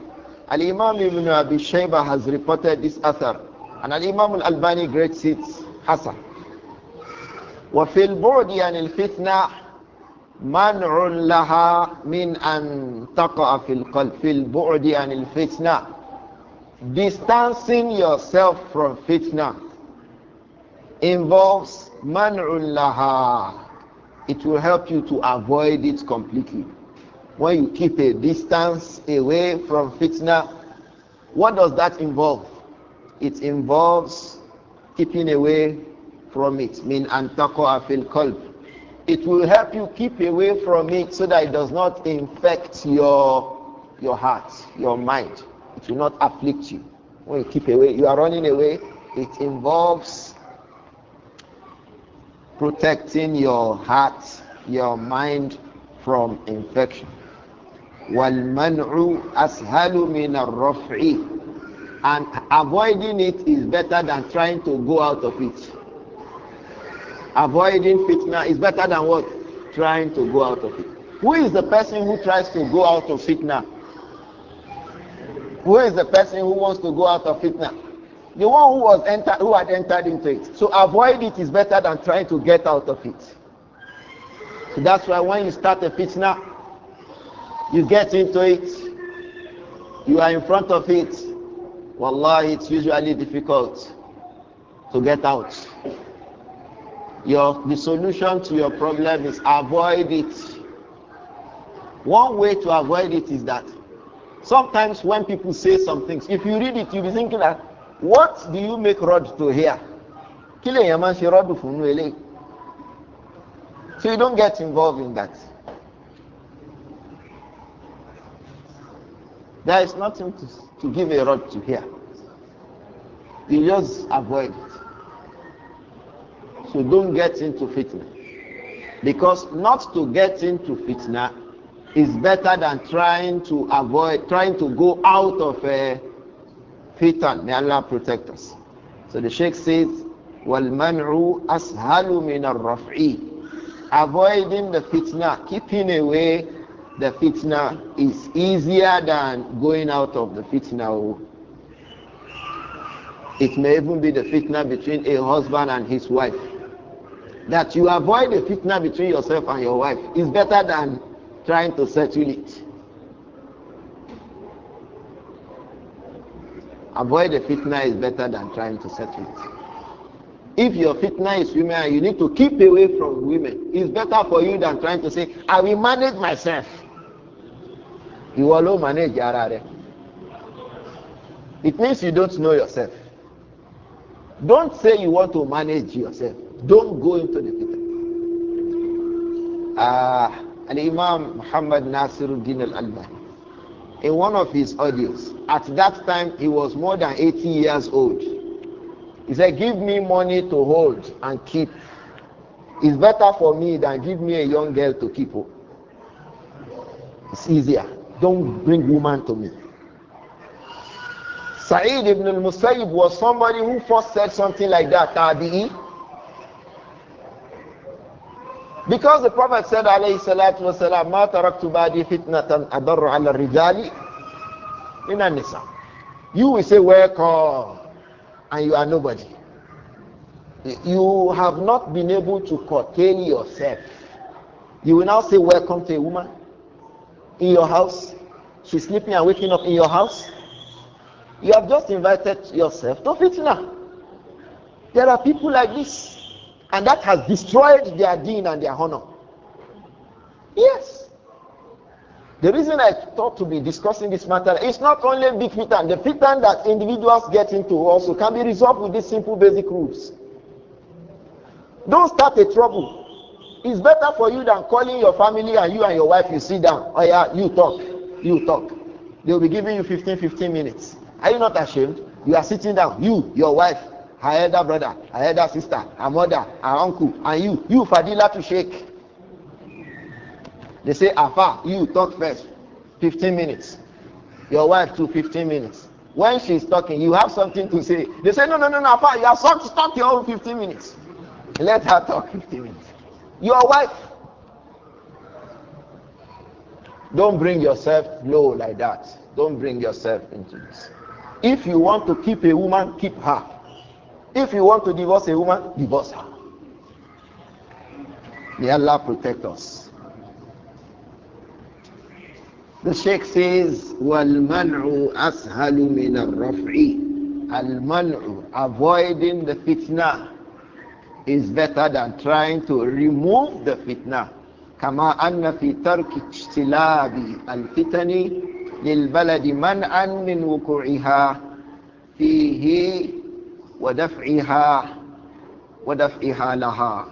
Al-Imam ibn Abi Shayba has reported this author. And Al-Imam al-Albani Great it Hassan. وفي البعد عن الفتنة منع لها من أن تقع في القلب في البعد عن الفتنة distancing yourself from fitna involves man'un laha it will help you to avoid it completely when you keep a distance away from fitna what does that involve it involves keeping away from it. Min antaqa fil qalb. It will help you keep away from it so that it does not infect your your heart, your mind. It will not afflict you. When you keep away, you are running away. It involves protecting your heart, your mind from infection. وَالْمَنْعُ أَسْهَلُ مِنَ الرَّفْعِ And avoiding it is better than trying to go out of it. Avoiding fitna is better than what? Trying to go out of it. Who is the person who tries to go out of fitna? Who is the person who wants to go out of fitna? The one who was entered, who had entered into it. So avoid it is better than trying to get out of it. So that's why when you start a fitna, you get into it, you are in front of it. Wallah, it's usually difficult to get out your the solution to your problem is avoid it one way to avoid it is that sometimes when people say some things if you read it you be thinking that what do you make rod to hear kí lèèyàn máa rọ́dù fún so you don't get involved in that there is nothing to, to give a rod to hear you just avoid it to don't get into fitna. Because not to get into fitna is better than trying to avoid, trying to go out of a uh, fitan. May Allah protect us. So the Sheikh says, وَالْمَنْعُ أَسْهَلُ مِنَ الرَّفْعِ Avoiding the fitna, keeping away the fitna is easier than going out of the fitna. Oh. It may even be the fitna between a husband and his wife that you avoid a fitna between yourself and your wife is better than trying to settle it. Avoid a fitna is better than trying to settle it. If your fitna is women you need to keep away from women, it's better for you than trying to say, I will manage myself. You will manage your It means you don't know yourself. Don't say you want to manage yourself. Don't go into the fitna. Ah, uh, and Imam Muhammad Nasiruddin al-Albani, in one of his audios, at that time he was more than 80 years old. He said, give me money to hold and keep. It's better for me than give me a young girl to keep. Her. It's easier. Don't bring woman to me. Saeed ibn al-Musayyib was somebody who first said something like that, Tabi'i. Because the Prophet said, alayhi salatu wasalam, ma تَرَكْتُ بَعْدِي fitnatan أَضَرُّ عَلَى الرِّجَالِ إِنَا النِّسَاءِ You will say, welcome, and you are nobody. You have not been able to curtail yourself. You will now say, welcome to a woman in your house. She's sleeping and waking up in your house. You have just invited yourself to fitna. There are people like this. And that has destroyed their deen and their honor. Yes. The reason I thought to be discussing this matter is not only big fitan. The fitan that individuals get into also can be resolved with these simple basic rules. Don't start a trouble. It's better for you than calling your family and you and your wife, you sit down. Oh yeah, you talk. You talk. They'll be giving you 15, 15 minutes. Are you not ashamed? You are sitting down. You, your wife, her elder brother her elder sister her mother her uncle and you you fadila to shake they say afa you talk first fifteen minutes your wife too fifteen minutes when she is talking you have something to say they say no no no no afa you have something to talk your own fifteen minutes let her talk fifteen minutes your wife don't bring yourself low like that don't bring yourself into this if you want to keep a woman keep her if you want to divorce a woman, divorce her. May Allah protect us. The Sheikh says, وَالْمَنْعُ أَسْهَلُ مِنَ الرَّفْعِ Al-man'u, avoiding the fitna, is better than trying to remove the fitna. كما أن في ترك اجتلاب الفتن للبلد منعا من وقوعها فيه وَدَفْعِهَا وَدَفْعِهَا لَهَا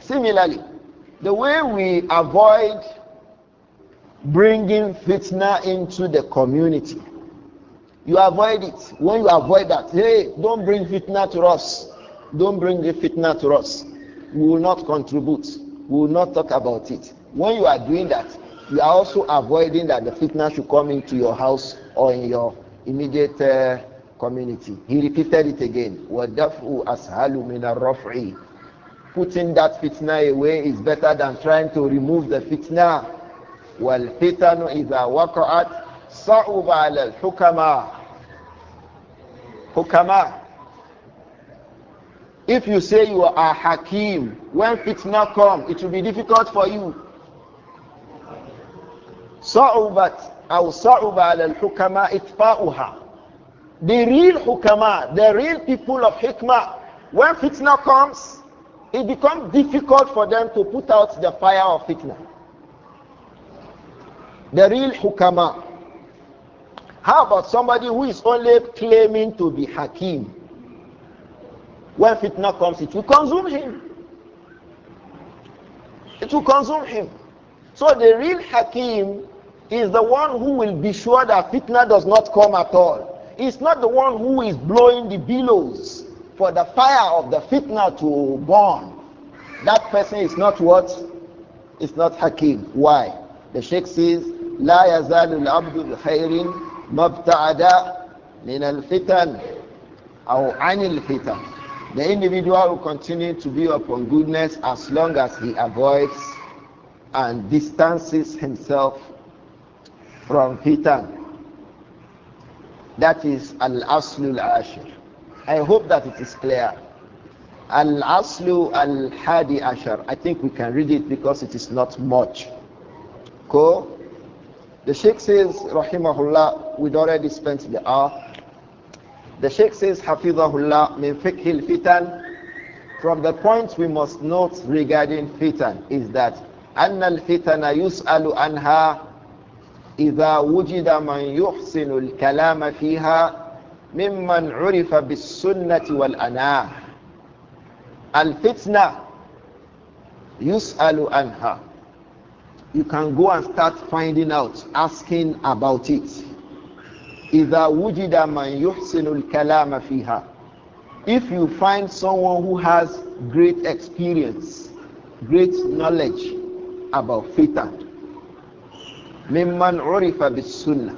Similarly, the way we avoid bringing fitna into the community, you avoid it. When you avoid that, hey, don't bring fitna to us. Don't bring the fitna to us. We will not contribute. We will not talk about it. When you are doing that, you are also avoiding that the fitna should come into your house or in your immediate uh, community. He repeated it again. Putting that fitna away is better than trying to remove the fitna. وَالْفِتَنُ إِذَا وَقَعَتْ صَعُبَ عَلَى الحكماء. حكماء. If you say you are Hakim, when fitna come, it will be difficult for you. صعبت أو صعب على الحكماء إطفاؤها the real hukama, the real people of hikmah, when fitna comes, it becomes difficult for them to put out the fire of fitna. The real hukama. How about somebody who is only claiming to be hakim? When fitna comes, it will consume him. It will consume him. So the real hakim is the one who will be sure that fitna does not come at all is not the one who is blowing the billows for the fire of the fitna to burn. That person is not what? It's not Hakim. Why? The Sheikh says, لا يزال العبد بخير مبتعدا من الفتن أو عن الفتن. The individual will continue to be upon goodness as long as he avoids and distances himself from fitan that is Al Aslul Ashir. I hope that it is clear. Al Aslu Al Hadi Ashar. I think we can read it because it is not much. Go. The Sheikh says, Rahimahullah, we have already spent the hour. The Sheikh says, Hafizahullah, min fikhil fitan. From the point we must note regarding fitan is that, أن الفتن yu'salu anha. إذا وجد من يحسن الكلام فيها ممن عرف بالسنة والأناه الفتنة يسأل عنها you can go and start finding out asking about it إذا وجد من يحسن الكلام فيها if you find someone who has great experience great knowledge about fitan mimman عُرِفَ Sunnah.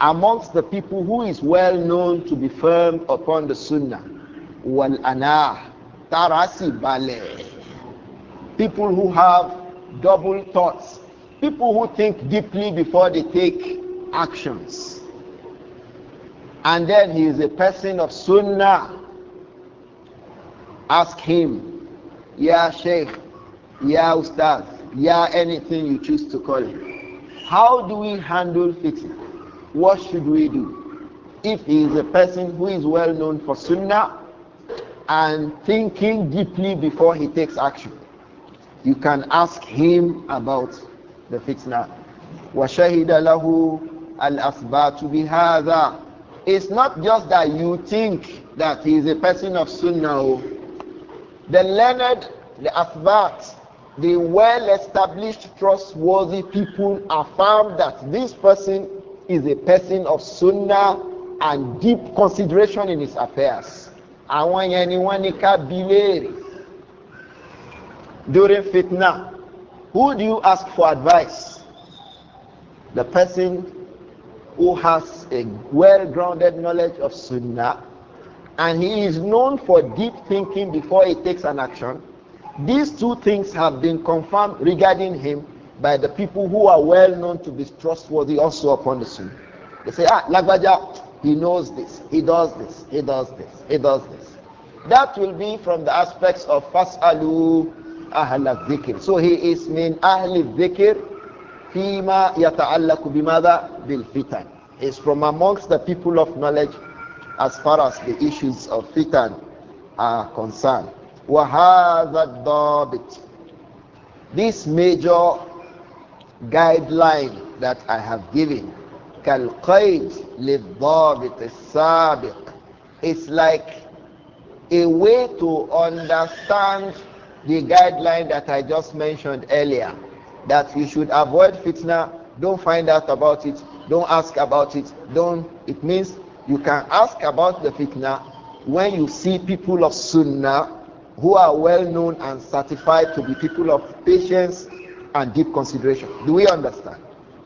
Amongst the people who is well known to be firm upon the sunnah. وَالْأَنَاهِ Tarasi Bale. People who have double thoughts. People who think deeply before they take actions. And then he is a person of sunnah. Ask him, Ya Sheikh, Ya Ustaz, Ya anything you choose to call him. How do we handle fitna? What should we do? If he is a person who is well known for sunnah and thinking deeply before he takes action, you can ask him about the fitna. وَشَهِدَ لَهُ الْأَثْبَاتُ بِهَذَا It's not just that you think that he is a person of sunnah. Oh. The learned, the athbat, the well established, trustworthy people affirm that this person is a person of sunnah and deep consideration in his affairs. Àwọn yẹn ni wọ́n ní ká bi During fitna, who do you ask for advice? The person who has a well grounded knowledge of sunnah and he is known for deep thinking before he takes an action. These two things have been confirmed regarding him by the people who are well known to be trustworthy also upon the sunnah. They say, ah, Lagbaja, he knows this, he does this, he does this, he does this. That will be from the aspects of Fas'alu Ahla Dhikr. So he is min Ahli Dhikr Fima Allah Kubimada Bil Fitan. He's from amongst the people of knowledge as far as the issues of fitan are concerned. This major guideline that I have given كالقيد للضابط السابق It's like a way to understand the guideline that I just mentioned earlier that you should avoid fitna don't find out about it don't ask about it don't it means you can ask about the fitna when you see people of sunnah who are well known and certified to be people of patience and deep consideration. Do we understand?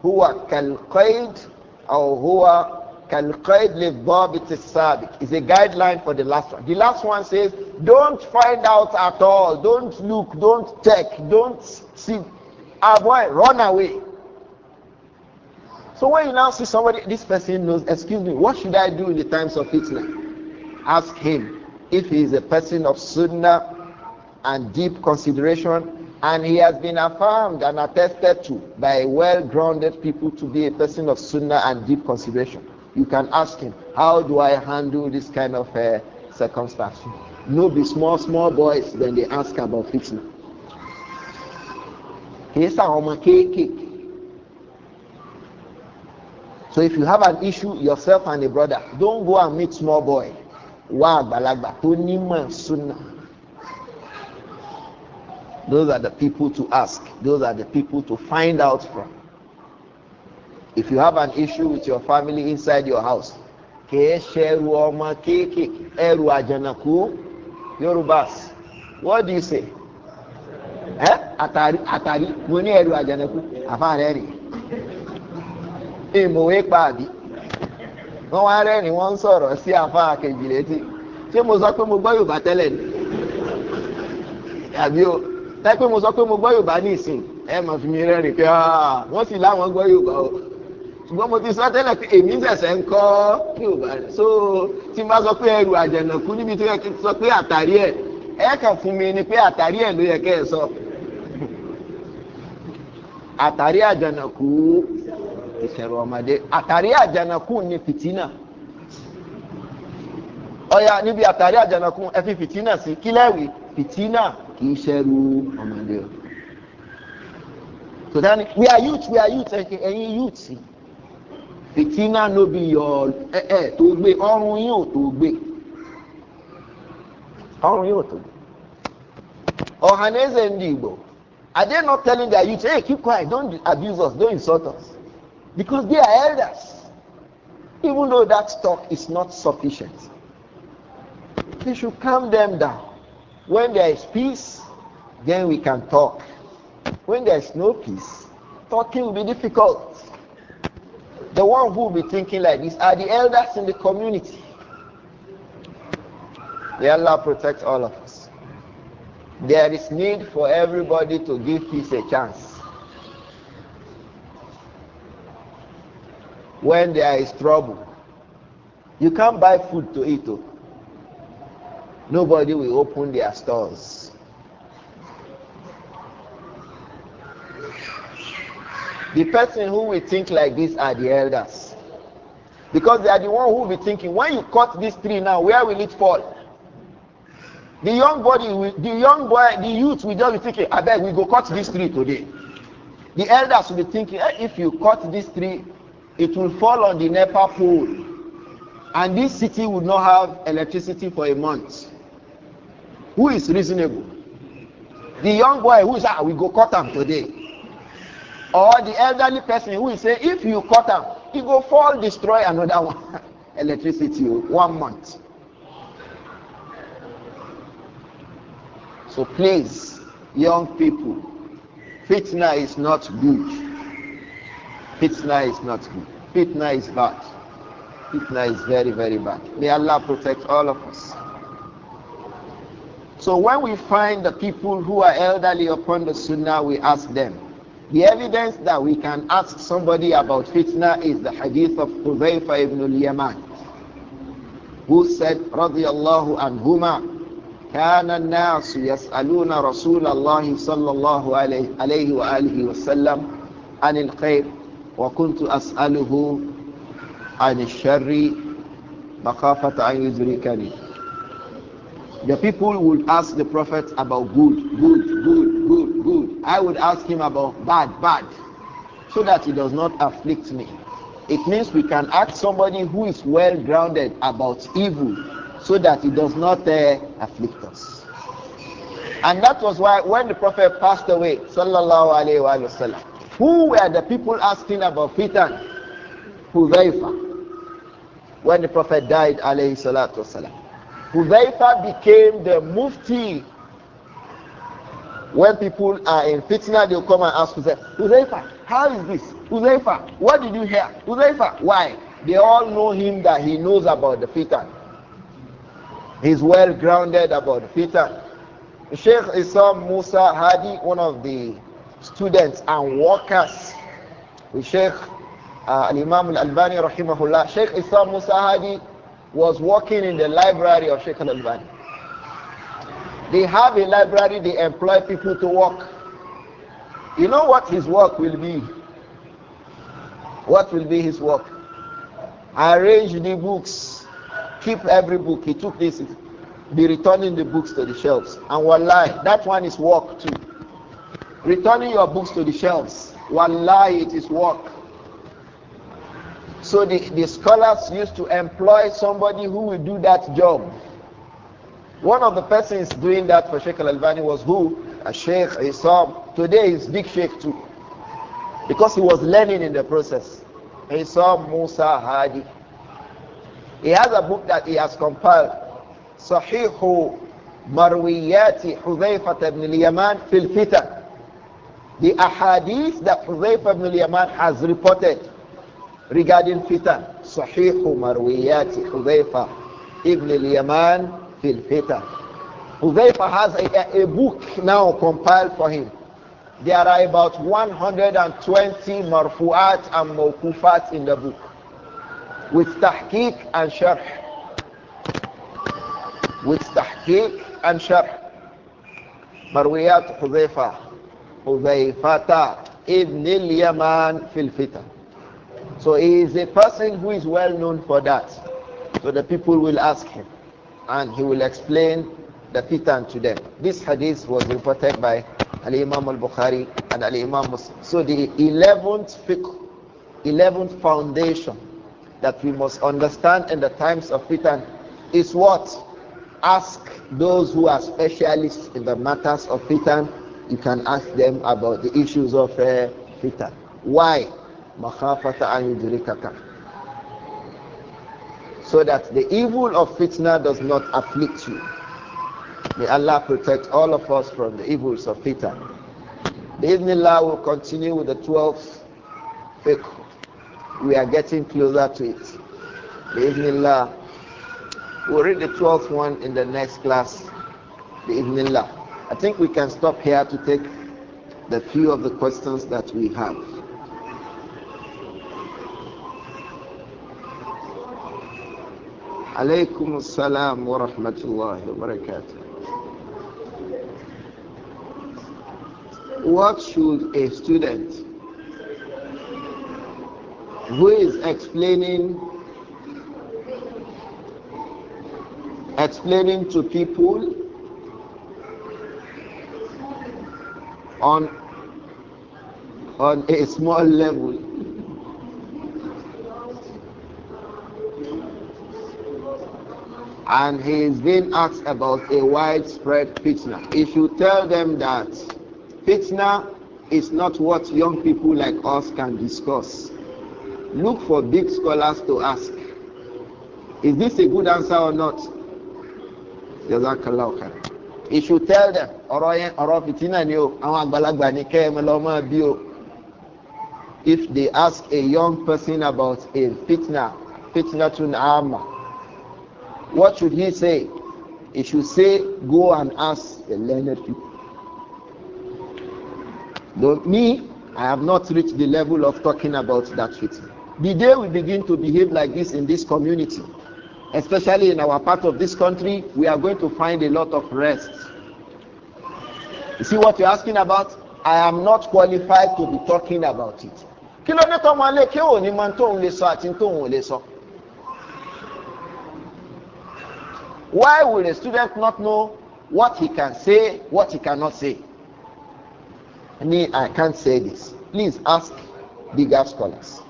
Who are kalqaid or who are kalqaid lidhabit sabiq is a guideline for the last one. The last one says, don't find out at all, don't look, don't check, don't see, avoid, run away. So when you now see somebody, this person knows, excuse me, what should I do in the times of fitna? Ask him if he is a person of sunnah and deep consideration, and he has been affirmed and attested to by well grounded people to be a person of sunnah and deep consideration. You can ask him, How do I handle this kind of uh, circumstance? No, be small, small boys, then they ask about fitna. So if you have an issue yourself and a brother, don't go and meet small boy wá àgbàlagbà tó nímọ̀ súnà. Those are the people to ask. Those are the people to find out from. If you have an issue with your family inside your house, kìí ṣe ẹrù ọmọ kéékèèké ẹrù àjànàkú Yorùbás. What do you say? Ẹ àtàrí àtàrí mo ní ẹrù àjànàkú àfáàrẹ́ rè é. Èmọ̀wé pa àbí. wọ́n wá rẹ́rìn wọ́n ń sọ̀rọ̀ sí afá kejì létí ṣé mo sọ pé mo gbọ́ yorùbá tẹ́lẹ̀ ni àbí o tẹ́ pé mo sọ pé mo gbọ́ yorùbá ní ìsìn ẹ mà fi mi rẹ́rìn pé ah, wọ́n sì láwọn gbọ́ yorùbá o ṣùgbọ́n mo ti sọ tẹ́lẹ̀ pé èmi ṣẹ̀ṣẹ̀ ń kọ́ yorùbá rẹ̀ so tí n bá sọ pé ẹrù àjẹ̀nàkú níbi tó yẹ kí sọ pé àtàrí ẹ̀ ẹ kàn fún mi ni pé àtàrí ẹ̀ ló yẹ kẹ́ ẹ sọ àtàrí àjẹ̀nàkú ìtẹ̀rù ọmọdé àtàrí àjànàkùn ní fìtínà ọ̀yà níbi àtàrí àjànàkùn ẹ fi fìtínà sí kílẹ̀wì fìtínà kì í ṣẹ́rù ọmọdé o sọ̀tàn ni we are youth we are youth ẹ̀yin youth fìtínà no be your ẹ̀ ẹ̀ tó gbé ọrùn yín ò tó gbé ọrùn yóò tó ọhaneze ndị igbo are they not telling their youth hey keep quiet don't abuse us don't insult us Because they are elders. Even though that talk is not sufficient, we should calm them down. When there is peace, then we can talk. When there is no peace, talking will be difficult. The one who will be thinking like this are the elders in the community. May Allah protect all of us. There is need for everybody to give peace a chance. when there is trouble. You can't buy food to eat. Oh. Nobody will open their stores. The person who will think like this are the elders. Because they are the one who will be thinking, when you cut this tree now, where will it fall? The young body, will, the young boy, the youth will just be thinking, I bet we go cut this tree today. The elders will be thinking, eh, if you cut this tree, it will fall on the NEPA pole. And this city will not have electricity for a month. Who is reasonable? The young boy who is, ah, we go cut him today. Or the elderly person who will say, if you cut him, he go fall, destroy another one. electricity one month. So please, young people, fitna is not good. Fitna is not good. Fitna is bad. Fitna is very, very bad. May Allah protect all of us. So when we find the people who are elderly upon the Sunnah, we ask them. The evidence that we can ask somebody about fitna is the hadith of Huzaifa ibn al-Yaman, who said, رضي الله عنهما كان الناس يسألون رسول الله صلى الله عليه, عليه وآله وسلم عن الخير وكنت أسأله عن الشر مخافة أن يدركني The people would ask the Prophet about good, good, good, good, good. I would ask him about bad, bad, so that he does not afflict me. It means we can ask somebody who is well grounded about evil so that it does not uh, afflict us. And that was why when the Prophet passed away, sallallahu alayhi wa sallam, who were the people asking about fitan? Hudhaifa. When the Prophet died, alayhi salatu wasalam. Hudhaifa became the mufti. When people are in fitna, they'll come and ask Hudhaifa, Hudhaifa, how is this? Hudhaifa, what did you hear? Hudhaifa, why? They all know him that he knows about the fitan. He's well grounded about the fitan. Sheikh Isam Musa Hadi, one of the students and workers with Sheikh uh, al Imam Al Albani rahimahullah. Sheikh Islam Musa Hadi was working in the library of Sheikh Al Albani. They have a library, they employ people to work. You know what his work will be? What will be his work? Arrange the books. Keep every book. He took this. Be returning the books to the shelves. And wallahi, that one is work too. Returning your books to the shelves. Wallahi, it is work. So the, the scholars used to employ somebody who will do that job. One of the persons doing that for Sheikh Al-Albani was who? A Sheikh Isam. Today is big Sheikh too. Because he was learning in the process. Isam Musa Hadi. He has a book that he has compiled. Sahihu Marwiyati Hudhayfat ibn al-Yaman fil fitan. the ahadith that Hudayf ibn al-Yaman has reported regarding fitan. Sahihu marwiyati حذيفة ibn al-Yaman fil fitan. Hudayfa has a, a book now compiled for him. There are about 120 marfu'at and mawkufat in the book with tahqiq and sharh. With tahqiq and sharh. مرويات حذيفه حذيفة ابن اليمان fil الفتن. So he is a person who is well known for that. So the people will ask him and he will explain the fitan to them. This hadith was reported by Ali Imam al-Bukhari and Ali Imam Muslim. So the 11th fiqh, 11th foundation that we must understand in the times of fitan is what? Ask those who are specialists in the matters of fitan you can ask them about the issues of uh, fitan. Why? So that the evil of fitna does not afflict you. May Allah protect all of us from the evils of fitna. Bismillah will continue with the 12th fiqh. We are getting closer to it. Bismillah. We'll read the 12th one in the next class. Bismillah. I think we can stop here to take the few of the questions that we have. عليكم wa rahmatullahi wa barakatuh. What should a student who is explaining explaining to people on on a small level and he being asked about a widespread fitna if you tell them that fitna is not what young people like us can discuss look for big scholars to ask is this a good answer or not jazakallah èṣù tẹ́lẹ̀ ọ̀rọ̀ yẹn ọ̀rọ̀ fìtínà ni o àwọn àgbàlagbà ní kẹ́ ẹ mọ lọ́mọ bí o if they ask a young person about a fitna fitna tun ama what should he say he should say go and ask a learned people though me i have not reached the level of talking about that fitna the day we begin to behave like this in this community especially in our part of this country, we are going to find a lot of rest. You see what you're asking about? I am not qualified to be talking about it. Kí ló dé tọ́mọ alẹ́ kí òun ni máa tóun lè sọ àti tóun ò lè sọ? Why will a student not know what he can say, what he cannot say? I mean, I can't say this. Please ask bigger scholars.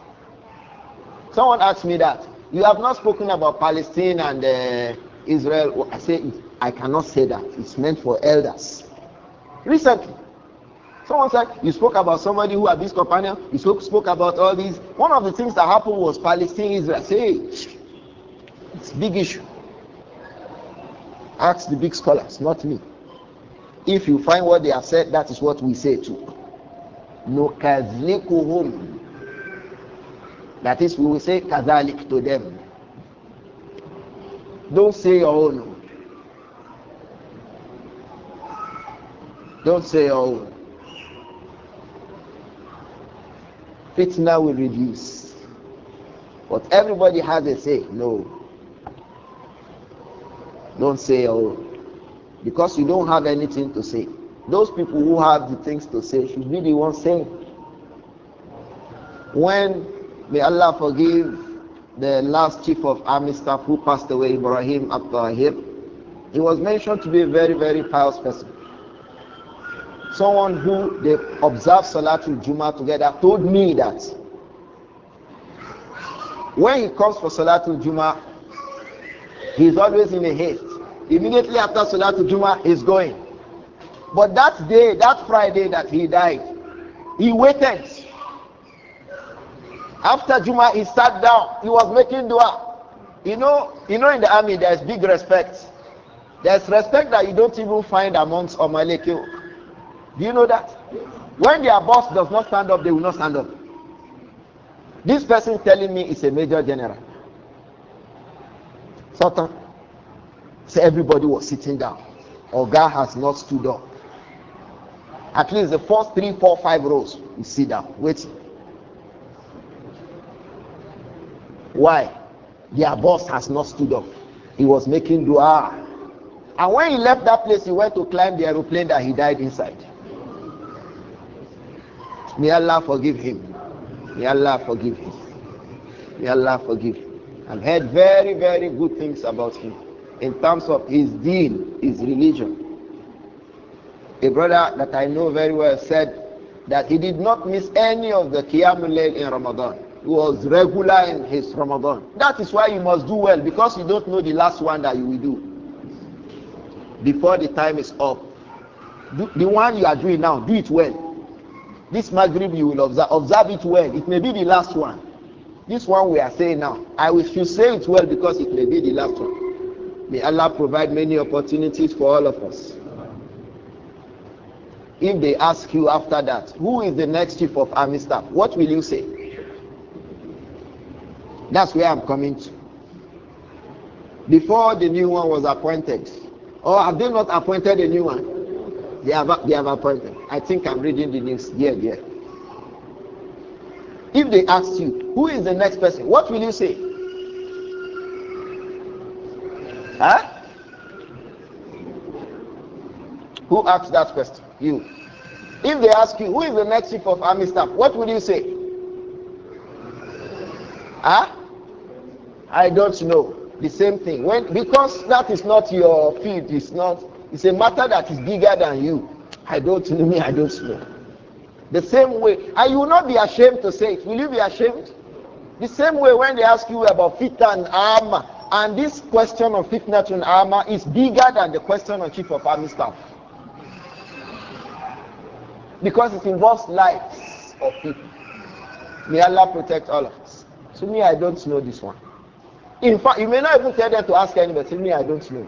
Someone asked me that. You have not spoken about Palestine and uh, Israel. I say, I cannot say that. It's meant for elders. Recently, someone said, You spoke about somebody who had this companion, you spoke, spoke about all these. One of the things that happened was Palestine Israel. Say, it's big issue. Ask the big scholars, not me. If you find what they have said, that is what we say too. No kazlikuhum. That is, we will say kazalik to them. Don't say your own. Don't say, oh, fitna will reduce. But everybody has a say. No. Don't say, oh, because you don't have anything to say. Those people who have the things to say should be the ones saying. When, may Allah forgive the last chief of army staff who passed away, Ibrahim Abdullah, he was mentioned to be a very, very pious person someone who they observe Salatul Juma together told me that when he comes for Salatul Juma, he's always in a haste. Immediately after Salatul Juma, he's going. But that day, that Friday that he died, he waited. After Juma, he sat down. He was making dua. You know, you know, in the army, there's big respect. There's respect that you don't even find amongst Omalekio. Do you know that? When their boss does not stand up, they will not stand up. This person telling me is a major general. Sultan. So everybody was sitting down. Oga has not stood up. At least the first three, four, five rows, you sit down, Wait. Why? Their boss has not stood up. He was making dua. And when he left that place, he went to climb the aeroplane that he died inside. May Allah forgive him. May Allah forgive him. May Allah forgive him. I've heard very, very good things about him in terms of his deen, his religion. A brother that I know very well said that he did not miss any of the Qiyamul in Ramadan. He was regular in his Ramadan. That is why you must do well because you don't know the last one that you will do before the time is up. the one you are doing now, do it well. This Maghrib you will observe. Observe it well. It may be the last one. This one we are saying now. I will still say it well because it may be the last one. May Allah provide many opportunities for all of us. If they ask you after that, who is the next chief of army staff? What will you say? That's where I'm coming to. Before the new one was appointed, or have they not appointed a new one? They have, a, they have appointment. I think I'm reading the news. Yeah, yeah. If they ask you, who is the next person? What will you say? Huh? Who asked that question? You. If they ask you, who is the next chief of army staff? What will you say? Huh? I don't know. The same thing. When because that is not your field, it's not it's a matter that is bigger than you. I don't know me, I don't know. The same way, and you will not be ashamed to say it. Will you be ashamed? The same way when they ask you about fit and armor, and this question of fitness and armor is bigger than the question of chief of army staff. Because it involves lives of people. May Allah protect all of us. To me, I don't know this one. In fact, you may not even tell them to ask anybody. To me, I don't know.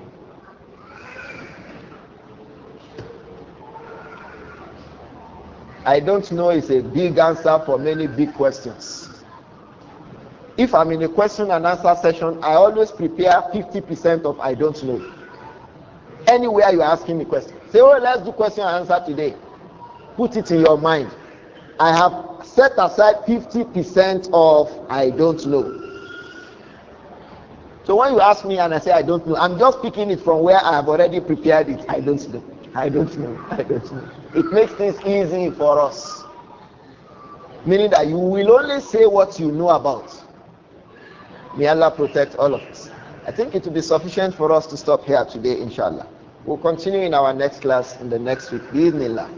I don't know is a big answer for many big questions. If I'm in a question and answer session, I always prepare 50% of I don't know. Anywhere you're asking me question, say, oh, let's do question and answer today. Put it in your mind. I have set aside 50% of I don't know. So when you ask me and I say I don't know, I'm just picking it from where I have already prepared it. I don't know. I don't know. I don't know. It makes things easy for us. Meaning that you will only say what you know about. May Allah protect all of us. I think it will be sufficient for us to stop here today, inshallah. We'll continue in our next class in the next week. Bismillah.